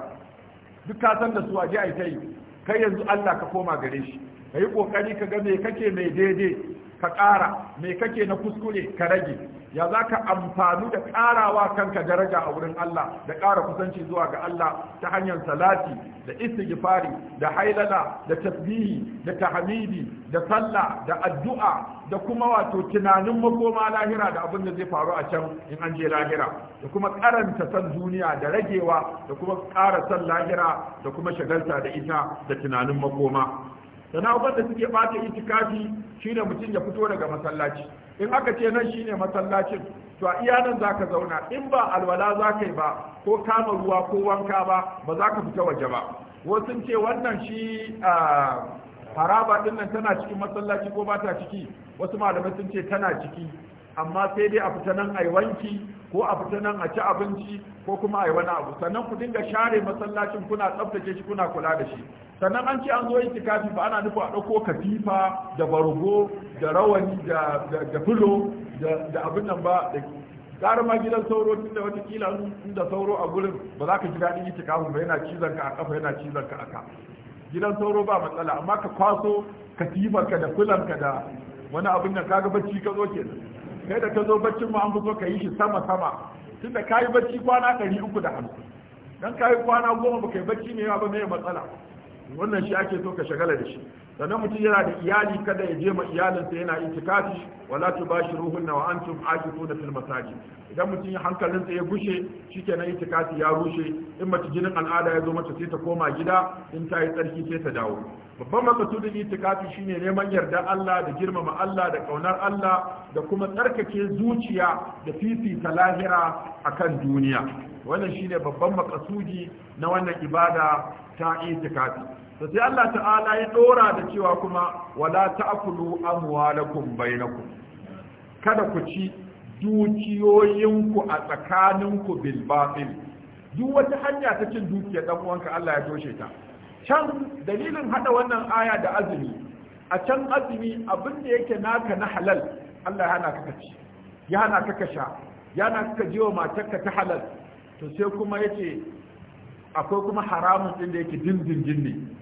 Speaker 3: duk ka san da su waje ai kai, kai yanzu Allah ka koma gare shi ka yi ƙoƙari ka ga me kake mai daidai ka ƙara me kake na kuskure ka rage ya za ka amfanu da ƙarawa kanka daraja a wurin Allah da ƙara kusanci zuwa ga Allah ta hanyar salati da istighfari da hailala da tasbihi da tahmidi da sallah da addu'a da kuma wato tunanin makoma lahira da abin da zai faru a can in an je lahira da kuma karanta san duniya da ragewa da kuma ƙara san lahira da kuma shagalta da ita da tunanin makoma sana'ukan da suke bata itikafi shine mutum ya fito daga masallaci in aka ce nan shine masallacin to a iya nan zaka zauna in ba alwala zaka yi ba ko kama ruwa ko wanka ba ba za ka fita waje ba wasu ce wannan shi haraba din tana cikin masallaci ko ba ta ciki wasu malamai sun ce tana ciki amma sai dai a fita nan a yi wanki ko a fita nan a ci abinci ko kuma a yi wani abu sannan ku dinga share masallacin kuna tsaftace shi kuna kula da shi sannan an ce an zo tikafi ba ana nufa a ɗauko katifa da bargo da rawani da filo da abin nan ba da ma gidan sauro tunda wata kila inda sauro a gurin ba za ka ji daɗin yi tikafi ba yana cizon ka a ƙafa, yana cizon ka a ka gidan sauro ba matsala amma ka kwaso katifarka da filanka da wani abin nan kaga bacci ka zo kenan kai da ka zo baccin mu an fi ka yi shi sama sama tunda ka yi bacci kwana ɗari uku da hannu dan ka yi kwana goma ba yi bacci ne yawa ba mai matsala wannan shi ake so ka shagala da shi sannan mutum yana da iyali kada ya je ma iyalinsa yana tikafi wala tubashiruhunna wa ake aqifuna fil masajid idan mutum ya hankalinsa ya gushe na itikafi ya rushe in mace jinin al'ada ya zo mata sai ta koma gida in ta yi tsarki sai ta dawo babban makasudin itikafi ne neman yarda Allah da girmama Allah da kaunar Allah da kuma tsarkake zuciya da fifita lahira akan duniya wannan shine babban makasudi na wannan ibada ta itikafi to sai Allah ta'ala ya dora da cewa kuma wala ta'kulu amwalakum bainakum kada ku ci dukiyoyinku a tsakaninku bil batil duk wata hanya ta cin dukiyar dan uwanka Allah ya toshe ta can dalilin hada wannan aya da azumi a can azumi abin da yake naka na halal Allah ya hana ka ci ya hana ka kasha ya hana ka matarka ta halal to sai kuma yace akwai kuma haramun din da yake dindindin ne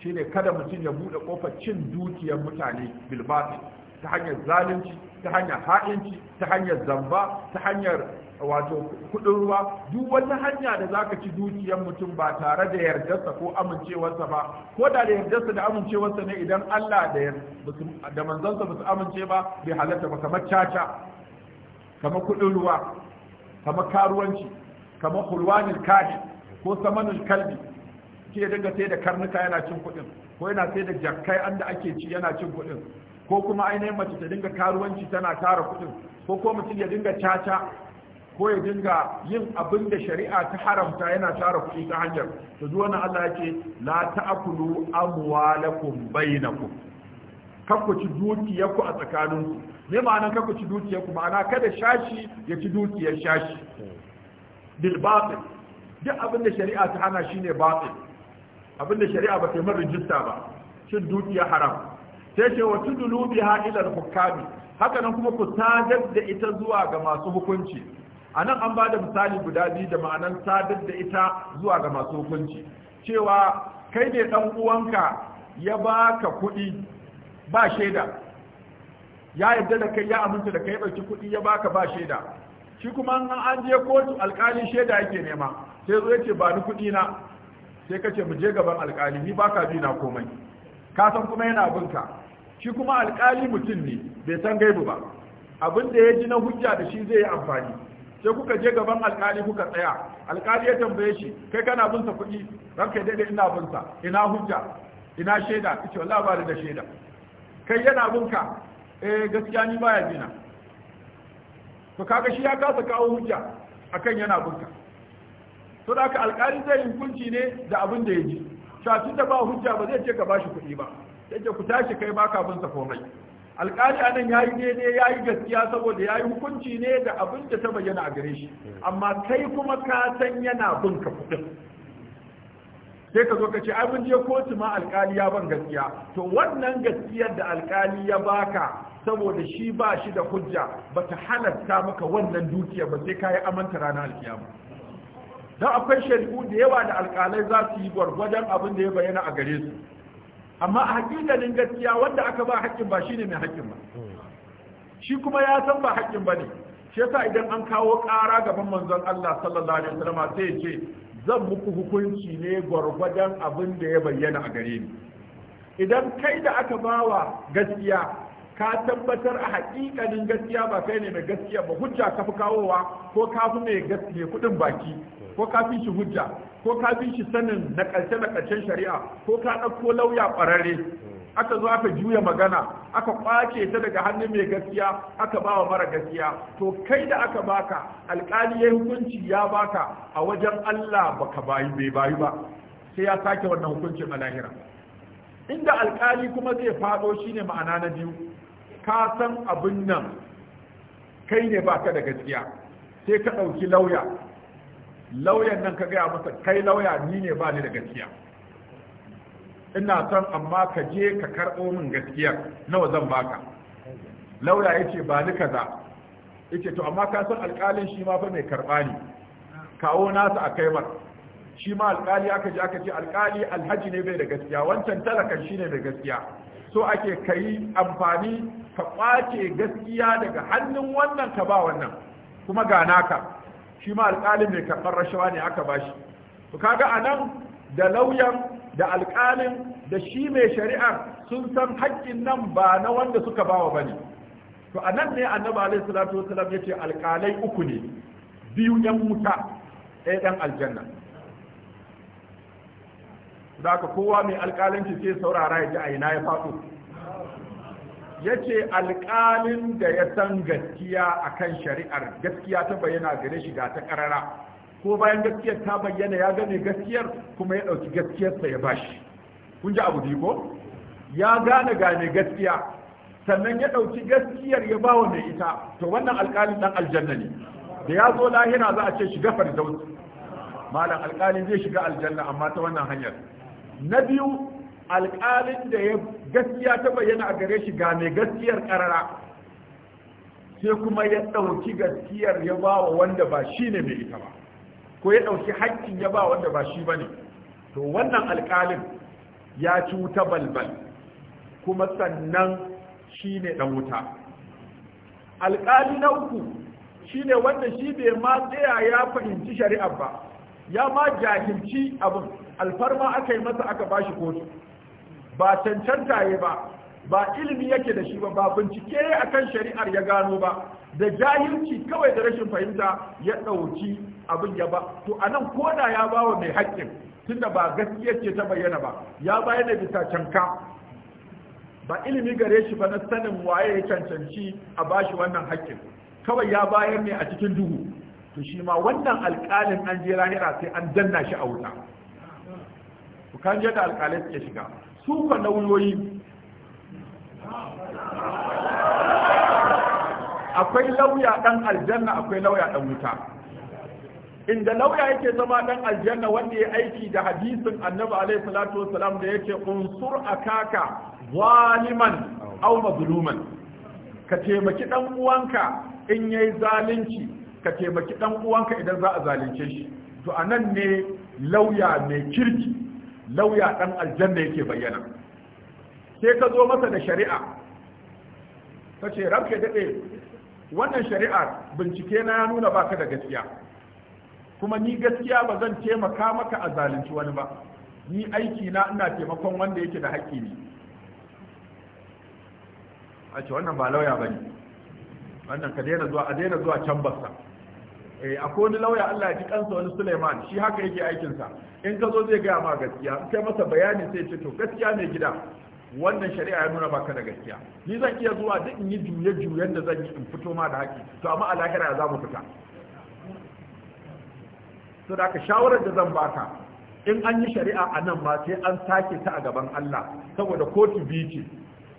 Speaker 3: shine kada mutum ya bude kofar cin dukiyar mutane bil ta hanyar zalunci ta hanyar ha'inci ta hanyar zamba ta hanyar wato kudin ruwa duk wata hanya da zaka ci dukiyar mutum ba tare da yardarsa ko amincewarsa ba ko da da yardarsa da amincewarsa ne idan Allah da da manzansa ba amince ba bai halatta ba kamar caca kamar kudin ruwa kamar karuwanci kamar kulwanin kashi ko samanin kalbi ke dinga sai da karnuka yana cin kuɗin ko yana sai da jakkai an ake ci yana cin kuɗin ko kuma ainihin mace ta dinga karuwanci tana tara kuɗin ko ko mutum ya dinga caca ko ya dinga yin abin da shari'a ta haramta yana tara kuɗi ta hanyar to duk wannan Allah yake la ta'kulu amwalakum bainakum kakku ci dukiyarku a tsakaninku me ma'ana kakku ci dukiyarku ma'ana kada shashi ya ci dukiyar shashi bil batil duk abin shari'a ta hana shine batil abin da shari'a ba ta yi rijista ba cin dukiya haram sai ce wa tudulu biha ila al-hukami haka nan kuma ku sadar da ita zuwa ga masu hukunci a an ba da misali guda biyu da ma'anan sadar da ita zuwa ga masu hukunci cewa kai ne dan uwanka ya baka kuɗi ba shaida ya yarda da kai ya aminta da kai ɗauki kuɗi ya baka ba shaida shi kuma an je kotu alkali shaida yake nema sai zo yace ba ni kuɗi na sai kace mu je gaban alkali ni baka bi na komai ka san kuma yana binka shi kuma alkali mutum ne bai san gaibu ba abin da ya ji na hujja da shi zai yi amfani sai kuka je gaban alkali kuka tsaya alkali ya tambaye shi kai kana bin sa kuɗi ranka daidai ina bin sa ina hujja ina shaida kace wallahi ba da shaida kai yana bin ka eh gaskiya ni baya bina to kaga shi ya kasa kawo hujja akan yana bukka to da haka alƙali zai hukunci ne da abin da ya ji shafi da ba hujja ba zai ce ka bashi kuɗi ba sai ce ku tashi kai ba ka bin sa komai alƙali anan yayi daidai yayi gaskiya saboda yayi hukunci ne da abin da ta bayyana a gare shi amma kai kuma ka san yana bin ka kuɗin sai ka zo ka ce abin je kotu ma alƙali ya ban gaskiya to wannan gaskiyar da alƙali ya baka saboda shi ba shi da hujja ba ta halatta maka wannan dukiya ba sai ka yi amanta ranar alkiyama don akwai shari'u da yawa da alkalai za su yi gwargwajen abin da ya bayyana a gare su amma a hakikalin gaskiya wanda aka ba haƙƙin ba shine mai haƙƙin ba shi kuma ya san ba haƙƙin ba ne shi yasa idan an kawo ƙara gaban manzon Allah sallallahu alaihi wasallam sai ya ce zan muku hukunci ne gwargwadan abin da ya bayyana a gare ni idan kai da aka bawa gaskiya ka tabbatar a hakikanin gaskiya ba kai ne mai gaskiya ba hujja ka fi kawowa ko ka fi mai gaskiya kudin baki ko ka fi shi hujja ko ka fi shi sanin na karshe na shari'a ko ka ɗauko lauya ƙwararre aka zo aka juya magana aka kwace ta daga hannun mai gaskiya aka ba wa mara gaskiya to kai da aka baka alƙali ya hukunci ya baka a wajen Allah baka bayi bai bayi ba sai ya sake wannan hukuncin a lahira inda alƙali kuma zai faɗo shine ma'ana na biyu ka san abin nan kai ne ba ka da gaskiya sai ka ɗauki lauya lauyan nan ka gaya masa kai lauya ni ne ba ni da gaskiya ina son amma ka je ka karɓo min gaskiyar nawa zan baka lauya ya ce ba ni kaza ya ce to amma ka san alƙalin shi ma fa mai karɓa ne kawo nasa a kai shi ma alƙali aka je aka ce alƙali alhaji ne bai da gaskiya wancan talakan shi ne mai gaskiya so ake kai amfani ka kwace gaskiya daga hannun wannan ka ba wannan kuma ga naka shi ma alƙalin mai karɓar rashawa ne aka ba shi. to kaga anan da lauyan da alƙalin da shi mai shari'ar sun san haƙƙin nan ba na wanda suka bawa ne, to anan ne annabi alaihi salatu ya yace alƙalai uku ne biyu yan wuta ɗaya ɗan aljanna da aka kowa mai alkalinci sai saurara ya ji a ina ya faɗo ya ce alƙalin da ya san gaskiya a kan shari'ar gaskiya ta bayyana gare shi ga ta ƙarara ko bayan gaskiyar ta bayyana ya gane gaskiyar kuma ya ɗauki gaskiyarsa ya bashi kun ji abu ko ya gane gane gaskiya sannan ya ɗauki gaskiyar ya ba wa mai ita to wannan alƙalin ɗan aljanna ne da ya zo lahira za a ce shiga farzauti malam alƙalin zai shiga aljanna amma ta wannan hanyar na biyu alƙalin da ya gaskiya ta bayyana a gare shi ga mai gaskiyar ƙarara sai kuma ya ɗauki gaskiyar ya ba wa wanda ba shi ne mai ita ba ko ya ɗauki haƙƙin ya ba wanda ba shi ba ne to wannan alƙalin ya ci wuta balbal kuma sannan shi ne ɗan wuta alƙali na uku shi ne wanda shi bai ma tsaya ya fahimci shari'ar ba ya ma jahilci abin alfarma aka yi masa aka bashi kotu ba cancanta ya ba ba ilimi yake da shi ba ba bincike a kan shari'ar ya gano ba da jahilci kawai da rashin fahimta ya ɗauki abin ya ba to nan koda ya ba wa mai haƙƙin tunda ba gaskiya ce ta bayyana ba ya bayyana bisa canka ba ilimi gare shi ba na sanin waye ya cancanci a bashi wannan haƙƙin kawai ya bayar ne a cikin duhu to shi ma wannan alƙalin an je lahira sai an danna shi a wuta to kan je da alƙalai suke shiga su ka lauyoyi akwai lauya dan aljanna akwai lauya dan wuta inda lauya yake zama dan aljanna wanda ya aiki da hadisin annabi alaihi salatu wasalam da yake unsur akaka zaliman aw mazluman ka taimaki dan uwanka in yayi zalunci ka taimaki dan uwanka idan za a zalunce shi to anan ne lauya mai kirki lauya dan aljanna yake bayyana sai ka zo masa da shari'a kace ce ranka daɗe wannan shari'a bincike na ya nuna baka da gaskiya kuma ni gaskiya ba zan taimaka maka a zalunci wani ba ni aiki na ina taimakon wanda yake da haƙƙi ne a ce wannan ba lauya ba ne wannan ka daina zuwa a daina zuwa can basa eh akwai wani lauya Allah ya ji kansa wani Suleiman shi haka yake aikin sa in ka zo zai gaya ma gaskiya kai masa bayani sai ce to gaskiya ne gida wannan shari'a ya nuna baka da gaskiya ni zan iya zuwa duk in yi juye juyen da zan yi in fito ma da haƙi to amma a lahira za mu fita to da ka shawarar da zan baka in an yi shari'a a nan ma sai an sake ta a gaban Allah saboda kotu biyu ce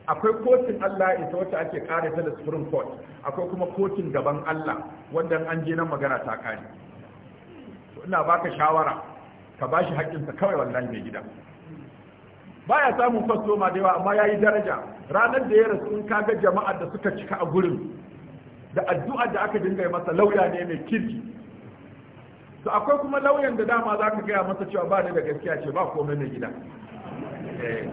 Speaker 3: akwai kotun Allah ita wacce ake kare ta da Supreme Court akwai kuma kotun gaban Allah wanda an je nan magana ta kare ina baka shawara ka bashi haƙƙinsa kawai wallahi mai gida baya samun kwastoma da yawa amma yayi daraja ranar da ya rasu in kaga jama'ar da suka cika a gurin da addu'a da aka dinga yi masa lauya ne mai kirki to akwai kuma lauyan da dama za ka gaya masa cewa ba ni da gaskiya ce ba komai mai gida eh.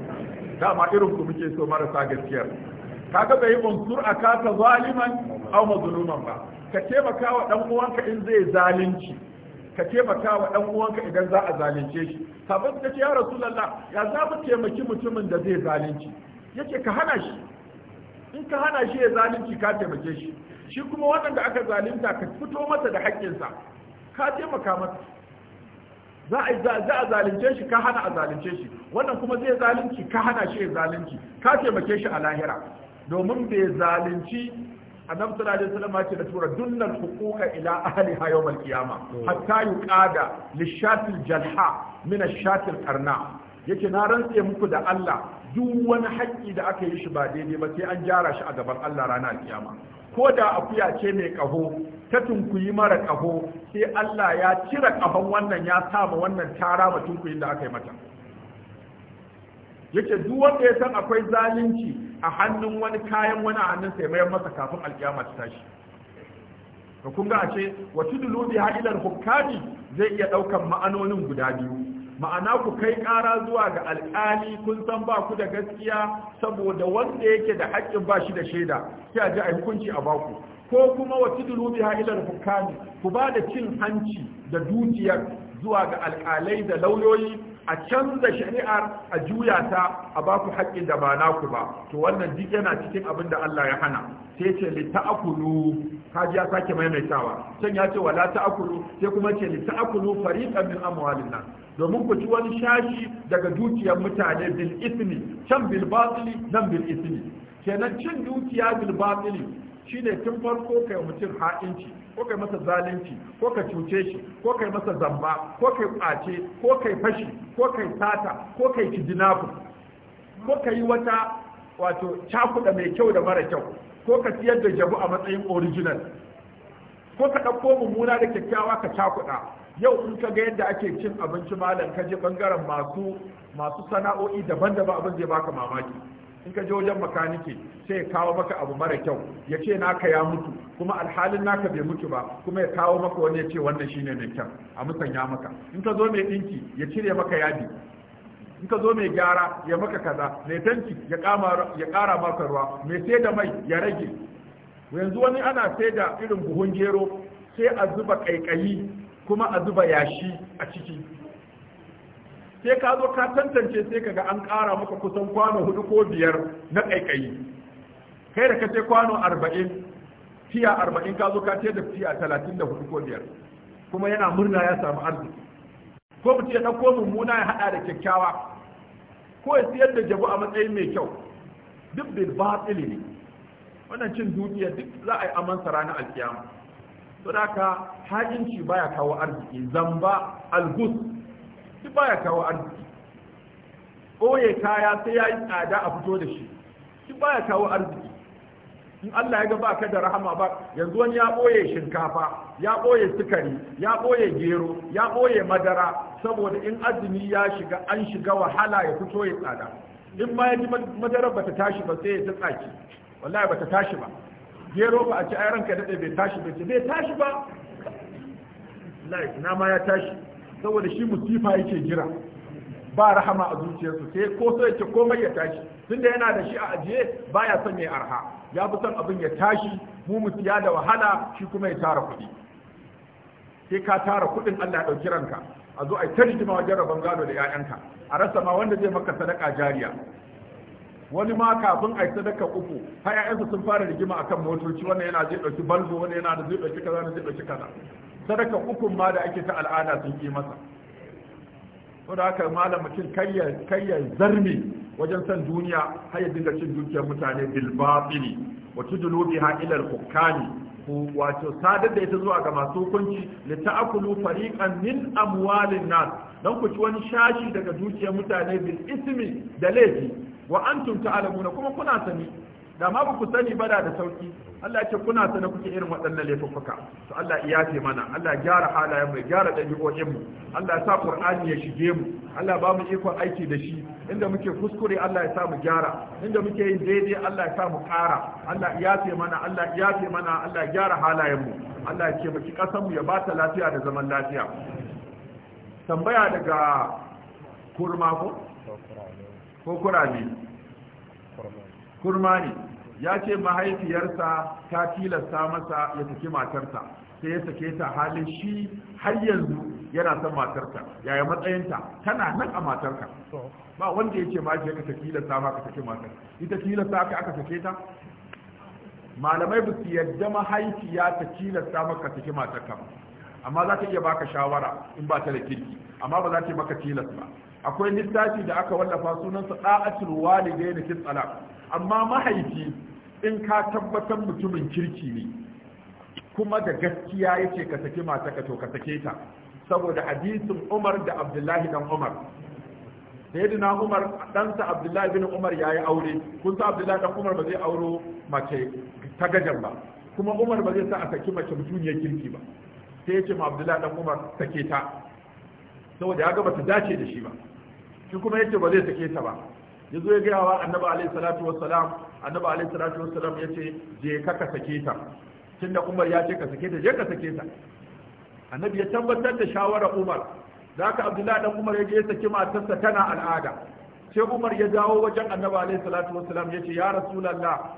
Speaker 3: dama irin ku muke so marasa gaskiyar kaga bai yi unsur a kasa zaliman aw mazluman ba ka taimaka wa dan uwanka in zai zalunci ka taimaka wa dan uwanka idan za a zalunce shi sabon ka ce ya rasulullah ya za mu taimaki mutumin da zai zalunci yace ka hana shi in ka hana shi ya zalunci ka taimake shi shi kuma waɗanda aka zalunta ka fito masa da haƙƙinsa ka taimaka masa za a zalunce shi ka hana a zalunce shi wannan kuma zai zalunci ka hana shi ya zalunci ka taimake shi a lahira domin bai zalunci a sallallahu alaihi wasallam ce da tura dunnan hukuka ila ahliha yawm al-qiyama hatta yuqada lishatil jalha min ash-shatil qarna yake na rantse muku da Allah duk wani haƙƙi da aka yi shi ba daidai ba sai an gyara shi a gaban Allah ranar kiyama ko da akuya ce mai ƙaho ta tunkuyi mara ƙaho sai Allah ya cire ƙahon wannan ya ma wannan tara ma tunkuyin da aka yi mata yake duk wanda ya san akwai zalunci a hannun wani kayan wani a hannun sai mayar masa kafin alƙiyama ta tashi ka kun ga a ce wa tudlu bi ha'ilar hukami zai iya daukan ma'anonin guda biyu ma'ana ku kai ƙara zuwa ga alƙali kun san ba ku da gaskiya saboda wanda yake da haƙƙin ba shi da shaida sai a ji a hukunci a baku ko kuma wa tudulu biha ila al-hukami ku ba da cin hanci da dukiyar zuwa ga alƙalai da lauyoyi a canza shari'ar a juya ta a ba ku haƙƙin da ba ku ba to wannan duk yana cikin abin da Allah ya hana sai ce li kaji ya sake maimaitawa can ya ce wala ta'akulu sai kuma ce li ta'akulu fariqan min amwalin nas domin ku ci wani shashi daga dukiyar mutane bil ismi can bil batili nan bil ismi kenan cin dukiya bil batili Shi ne tun farko kai mutum ha'inci ko kai masa zalunci ko ka cuce shi ko kai masa zamba ko kai ɓace ko kai fashi ko kai sata ko kai kidnapping ko kai wata wato cakuɗa mai kyau da mara kyau ko ka siyar da jabu a matsayin original ko ka ɗauko mummuna da kyakkyawa ka cakuɗa yau in ka ga yadda ake cin abinci malam ka je bangaren masu masu sana'o'i daban-daban abin zai baka mamaki in ka je wajen makanike sai ya kawo maka abu mara kyau ya ce naka ya mutu kuma alhalin naka bai mutu ba kuma ya kawo maka wani ya ce wannan shine mai kyau a musanya maka in ka zo mai dinki ya cire maka yadi in ka zo mai gyara ya maka kaza mai tanki ya kara maka ruwa mai sai da mai ya rage yanzu wani ana sai da irin buhun gero sai a zuba kaikayi kuma a zuba yashi a ciki sai ka zo ka tantance sai kaga an ƙara maka kusan kwano hudu ko biyar na ƙaiƙayi kai da ka ce kwano arba'in fiya arba'in ka zo ka ce da fiya talatin da hudu ko biyar kuma yana murna ya samu arziki ko mu ce ɗauko mummuna ya haɗa da kyakkyawa ko ya siyar da jabu a matsayin mai kyau duk bil batili ne wannan cin duniya duk za a yi amansa ranar alkiyama saboda haka hajinci baya kawo arziki zamba algus ba baya kawo arziki ɓoye kaya sai ya yi tsada a fito da shi ba baya kawo arziki in Allah ya ga ba ka da rahama ba yanzu wani ya ɓoye shinkafa ya ɓoye sukari ya ɓoye gero ya ɓoye madara saboda in azumi ya shiga an shiga wahala ya fito ya tsada in ma ya ji madara bata tashi ba sai ya ta tsaki wallahi bata tashi ba gero ba a ci ai ranka daɗe bai tashi ba bai tashi ba na ma ya tashi saboda shi musifa yake jira ba rahama a zuciyarsu sai ko so ce komai ya tashi tunda yana da shi a ajiye baya son mai arha ya fi son abin ya tashi mu musiya da wahala shi kuma ya tara kuɗi sai ka tara kuɗin Allah ya ɗauki ranka a zo a yi ta wajen rabon gado da 'ya'yanka a rasa ma wanda zai maka sadaka jariya wani ma kafin a sadaka uku har yayansa sun fara rigima a kan motoci wanda yana zai ɗauki balbo wani yana da zai ɗauki kaza na zai ɗauki kaza sadaka uku ma da ake ta al'ada sun yi masa saboda haka malam mutum kayyar zarmi wajen san duniya har ya dinga cin dukiyar mutane bil batili wa tudlu biha ila al ko wato sadar da ita zuwa ga masu hukunci li ta'kulu fariqan min amwalin nas dan ku ci wani shashi daga dukiyar mutane bil ismi da laifi wa antum ta'lamuna kuma kuna sani da ma ku sani ba da sauki Allah ya ce kuna sani kuke irin waɗannan laifuffuka to Allah ya ce mana Allah ya gyara halayen mu gyara dabi'o'in mu Allah ya sa Qur'ani ya shige mu Allah ba mu iko aiki da shi inda muke kuskure Allah ya sa mu gyara inda muke yin daidai Allah ya sa mu ƙara Allah ya ce mana Allah ya ce mana Allah ya gyara halayen mu Allah ya ce mu ki kasan mu ya ba ta lafiya da zaman lafiya tambaya daga kurma ko ko kurame kurma ne ya ce mahaifiyarsa ta tilasta masa ya saki matarsa sai ya sake ta halin shi har yanzu yana son matarka yaya matsayinta tana nan a matarka ba wanda ya ce ma ka ta tilasta ma ka saki matar ita tilasta aka aka sake ta malamai ba su yadda mahaifiya ta tilasta maka saki matarka ba amma za ta iya baka shawara in ba ta da kirki amma ba za ta yi maka tilas ba akwai littafi da aka wallafa sunansa da'atul walidaini fi talaq amma mahaifi in ka tabbatar mutumin kirki ne kuma da gaskiya yace ka saki mata ka to ka sake ta saboda hadisin Umar da Abdullahi dan Umar sayyidina Umar ɗansa Abdullahi bin Umar yayi aure kun sa Abdullahi dan Umar ba zai auro mace ta gajar ba kuma Umar ba zai sa a saki mace ya kirki ba sai ya ce ma Abdullahi dan Umar sake ta saboda ya ga bata dace da shi ba shi kuma yace ba zai sake ta ba ya zo ya gaya wa annabi alaihi salatu wassalam annabi alaihi salatu wassalam yace je ka ka sake ta tunda Umar ya ce ka sake ta je ka sake ta annabi ya tabbatar da shawarar Umar zaka Abdullahi dan Umar ya je ya saki matarsa tana al'ada sai Umar ya dawo wajen annabi alaihi salatu wassalam yace ya rasulullah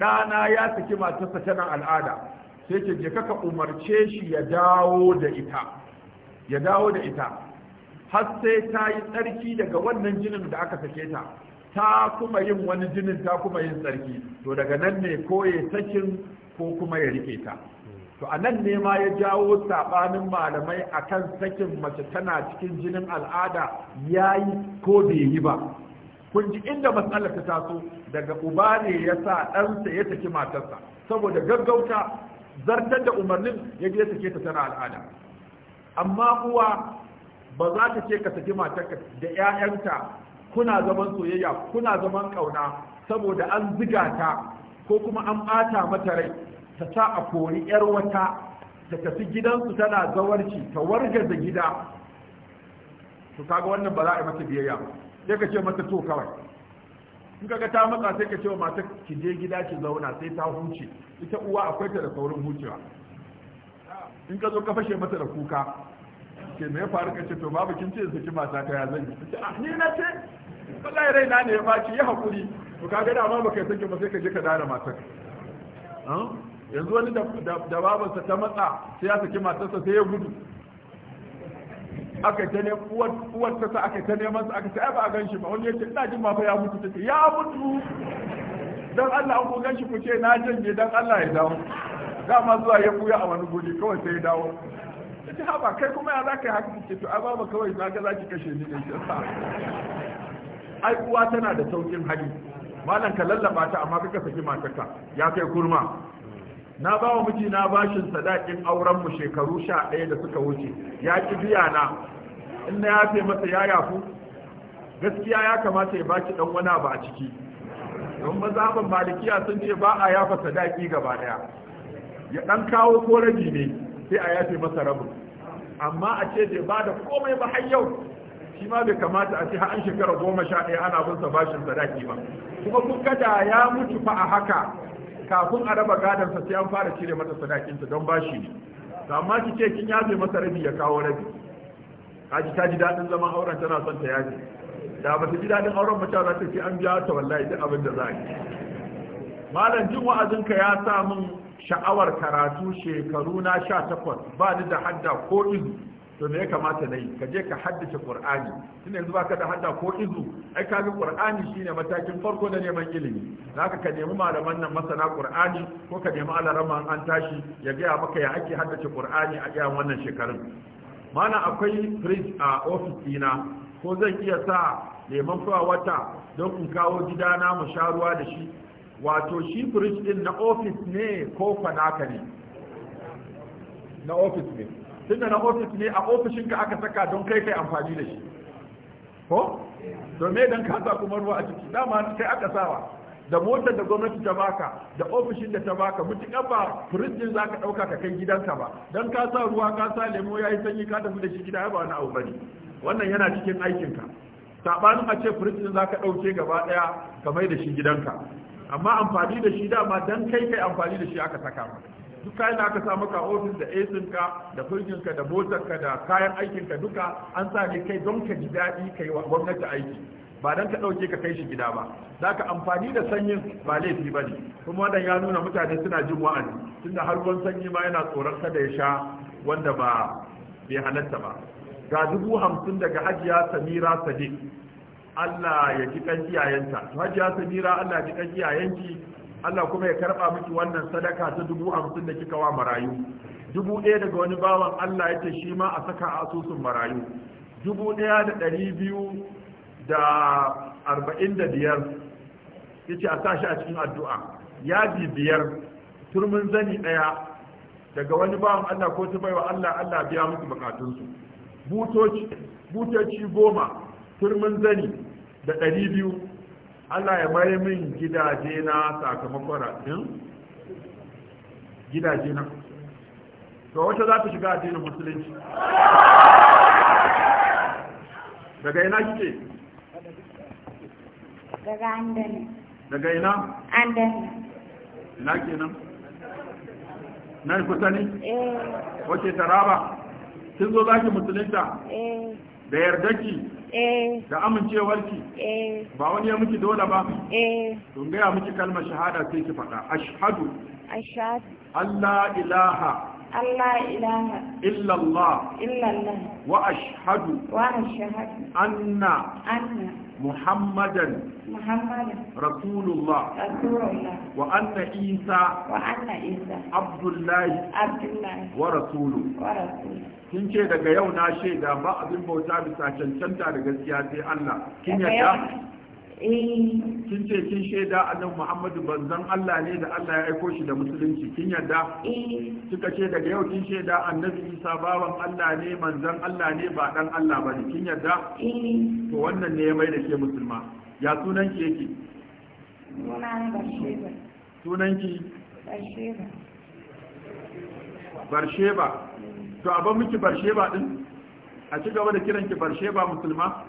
Speaker 3: dana ya saki matarsa tana al'ada sai ce je kaka umarce shi ya dawo da ita ya dawo da ita har sai ta yi tsarki daga wannan jinin da aka sake ta ta kuma yin wani jinin ta kuma yin tsarki to daga nan ne ko ya sakin ko kuma ya rike ta to a nan ne ma ya jawo saɓanin malamai akan sakin mace tana cikin jinin al'ada ya yi ko bai yi ba kun ji inda matsalar ta taso daga uba ne ya sa ɗansa ya saki matarsa saboda gaggauta zartar da umarnin ya je sake ta tana al'ada amma uwa ba za ta ce ka saki matarka da 'ya'yanta kuna zaman soyayya kuna zaman ƙauna saboda an ziga ta ko kuma an ɓata mata rai ta sa a kori 'yar wata ta tafi gidansu tana zawarci ta wargaza gida to kaga wannan ba za a yi mata biyayya ba sai ka ce mata to kawai in kaga ta matsa sai ka ce wa mata ki je gida ki zauna sai ta huce ita uwa akwai ta da saurin hucewa in ka zo ka fashe mata da kuka ce me faru ka ce to babu kin ce saki mata ta ya zan yi ce a ah, ni na ce wallahi rai na ne ya faci ya hakuri to kaga da ma baka saki ba sai ka je ka dara matar yanzu wani da babansa ta matsa sai ya saki sa sai ya gudu aka ta ne uwar ta sa aka ta neman sa aka ta ba a ganshi ba wani yace ina jin ma fa ya mutu take ya mutu dan Allah an ko ganshi ku ce na janye dan Allah ya dawo dama zuwa ya buya a wani guri kawai sai ya dawo ce haba kai kuma ya zaka yi haka ce to ai baba kawai na ga zaki kashe ni ne shi ai uwa tana da saukin hali malam ka lallaba ta amma kika saki matarka ya kai kurma na ba wa miji na bashin sadakin auren mu shekaru sha ɗaya da suka wuce ya ki biya na in na yafe masa ya yafu gaskiya ya kamata ya baki dan wani ba a ciki don mazhaban malikiya sun ce ba a yafa sadaki gaba ɗaya. ya ɗan kawo ko rabi ne sai a yafe masa rabin amma a ce bai ba da komai ba har yau shi ma bai kamata a ce har an shekara goma sha ɗaya ana bin bashin sadaki ba kuma kun kada ya mutu fa a haka kafin a raba gadon sa sai an fara cire masa sadakin sa don bashi ne to amma ki ce kin yaje masa rabi ya kawo rabi kaji ta ji daɗin zaman auren tana son ta yaje da ba ta ji daɗin auren mace za ta ce an biya ta wallahi duk abin da za a yi malam jin wa'azinka ya sa min sha'awar karatu shekaru na sha takwas ba ni da hadda ko izu to me ya kamata na yi ka je ka haddace qur'ani tun yanzu ka da hadda ko izu ai ka ga qur'ani shine matakin farko na neman ilimi zaka ka nemi malaman nan masana qur'ani ko ka nemi alaraman an tashi ya gaya maka ya ake haddace qur'ani a iya wannan shekarun mana akwai fridge a ofis dina ko zan iya sa neman fawa wata don in kawo gidana mu sha ruwa da shi wato shi firij din na office ne ko fanaka ne na office ne tunda na office ne a ofishin ka aka saka don kai kai amfani da shi ko to me dan ka sa kuma ruwa a ciki dama kai aka sawa da motar da gwamnati ta baka da ofishin da ta baka mutukan ba firij din zaka ɗauka ka kai gidanka ba dan ka sa ruwa ka sa lemo yayi sanyi ka tafi da shi gida ba wani abu bane wannan yana cikin aikin ka sabanin a ce firijin za ka ɗauke gaba ɗaya ka mai da shi gidanka amma amfani da shi dama dan kai kai amfani da shi aka saka maka duk kayan da aka sa maka ofis da ka da ka da motar ka da kayan aikinka duka an sa ne kai don ka ji daɗi kai wa gwamnati aiki ba don ka ɗauke ka kai shi gida ba za ka amfani da sanyin ba laifi ba ne kuma wannan ya nuna mutane suna jin wa'azi tunda har ruwan sanyi ma yana tsoron da ya sha wanda ba bai halatta ba ga dubu hamsin daga hajiya samira sadiq Allah ya ji kan iyayenta to hajiya samira Allah ya ji kan iyayenki Allah kuma ya karba miki wannan sadaka ta dubu hamsin da kika wa marayu dubu ɗaya daga wani bawan Allah ya ce shi ma a saka a asusun marayu dubu ɗaya da ɗari biyu da arba'in da biyar ya ce a sa shi a cikin addu'a yadi biyar turmin zani ɗaya daga wani bawan Allah ko ta baiwa Allah Allah biya musu bukatunsu butoci goma turmin zani da ɗari biyu allah ya bari min gidaje na sakamakon raɗin hmm? gidaje na to wacce za ta shiga addinin musulunci daga ina kike
Speaker 1: daga andani daga ina andani
Speaker 3: ina kenan nan kusa ne eh taraba kin zo za ki musulunta eh da yardaki Eh. da amincewarki eh. ba wani ya miki dole ba eh. Tun gaya miki kalmar shahada sai ki faɗa ashhadu Allah ilaha
Speaker 2: Allah ilaha
Speaker 3: illallah illallah wa ashhadu wa ashhadu anna anna muhammadan muhammadan rasulullah rasulullah wa anna isa wa anna isa Abdullahi abdullah wa rasuluhu wa rasuluhu kin ce daga yau na shaida ba abin bauta bisa cancanta da gaskiya sai Allah kin yadda eh. kin ce kin shaida annabi Muhammadu banzan Allah ne da Allah ya aiko shi da musulunci kin yadda eh. kika ce daga yau kin shaida annabi Isa bawan Allah ne manzan Allah ne ba dan Allah bane kin yadda eh. to wannan ne ya mai da ke musulma ya sunan ki yake sunan ki Barsheba to abin miki barshe ba din a ci gaba da kiran ki barshe ba musulma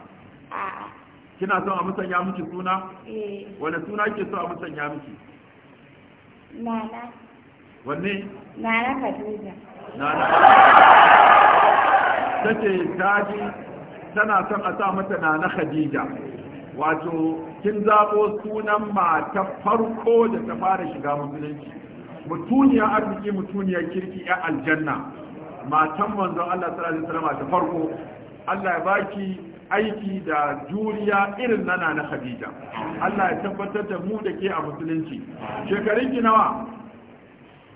Speaker 3: kina son a musanya miki suna eh. wani suna ke so a musanya miki nana wanne nana khadija nana take taji tana son a sa mata nana khadija wato kin zabo sunan mata farko da ta fara shiga musulunci mutuniyar arziki mutuniyar kirki ya aljanna matan manzon Allah sallallahu alaihi wasallam ta farko Allah ya baki aiki da juriya irin nana na Khadija Allah ya tabbatar da mu da ke a musulunci shekarun ki nawa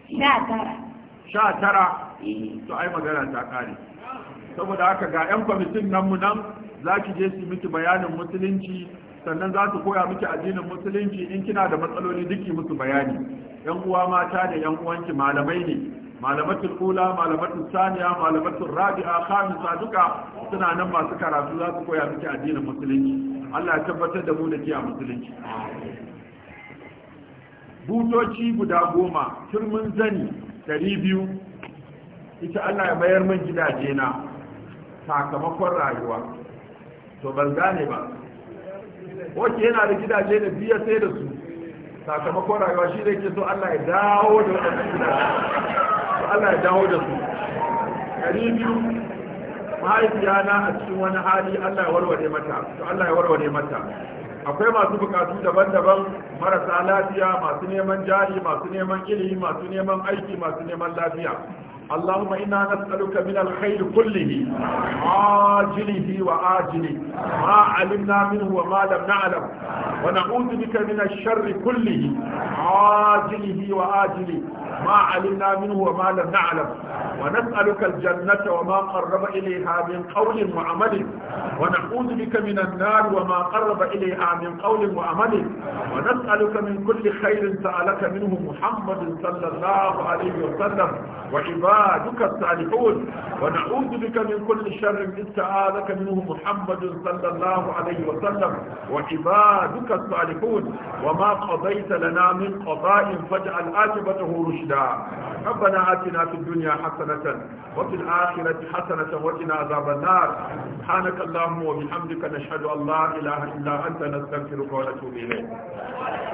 Speaker 1: 19 19
Speaker 3: eh. to ai magana ta kare saboda haka ga yan kwamitin nan mu nan za ki je su miki bayanin musulunci sannan za su koya miki addinin musulunci in kina da matsaloli duki musu bayani yan uwa mata da yan uwanki malamai ne malamatul ula malamatul saniya malamatul rabi'a khamisa duka suna nan masu karatu za su koya miki addinin musulunci Allah ya tabbatar da mu da ke a musulunci butoci guda goma mun zani dari biyu ita Allah ya mayar min gidaje na sakamakon rayuwa to ban gane ba wace yana da gidaje da biya sai da su sakamakon rayuwa shi da ke so Allah ya dawo da waɗannan gidaje Allah ya dawo da su ɗari biyu mahaifiya na a cikin wani hali Allah ya warware mata to Allah ya warware mata akwai masu bukatu daban-daban marasa lafiya masu neman jari masu neman ilimi masu neman aiki masu neman lafiya اللهم إنا نسألك من الخير كله عاجله وآجله ما علمنا منه وما لم نعلم ونعوذ بك من الشر كله عاجله وآجله ما علمنا منه وما لم نعلم ونسألك الجنة وما قرب إليها من قول وعمل ونعوذ بك من النار وما قرب إليها من قول وعمل ونسألك من كل خير سألك منه محمد صلى الله عليه وسلم وعبادك الصالحون ونعوذ بك من كل شر سألك منه محمد صلى الله عليه وسلم وعبادك الصالحون وما قضيت لنا من قضاء فاجعل آجبته رشدا رشدا ربنا آتنا في الدنيا حسنة وفي الآخرة حسنة وقنا عذاب النار سبحانك اللهم وبحمدك نشهد أن لا إله إلا أنت نستغفرك ونتوب إليك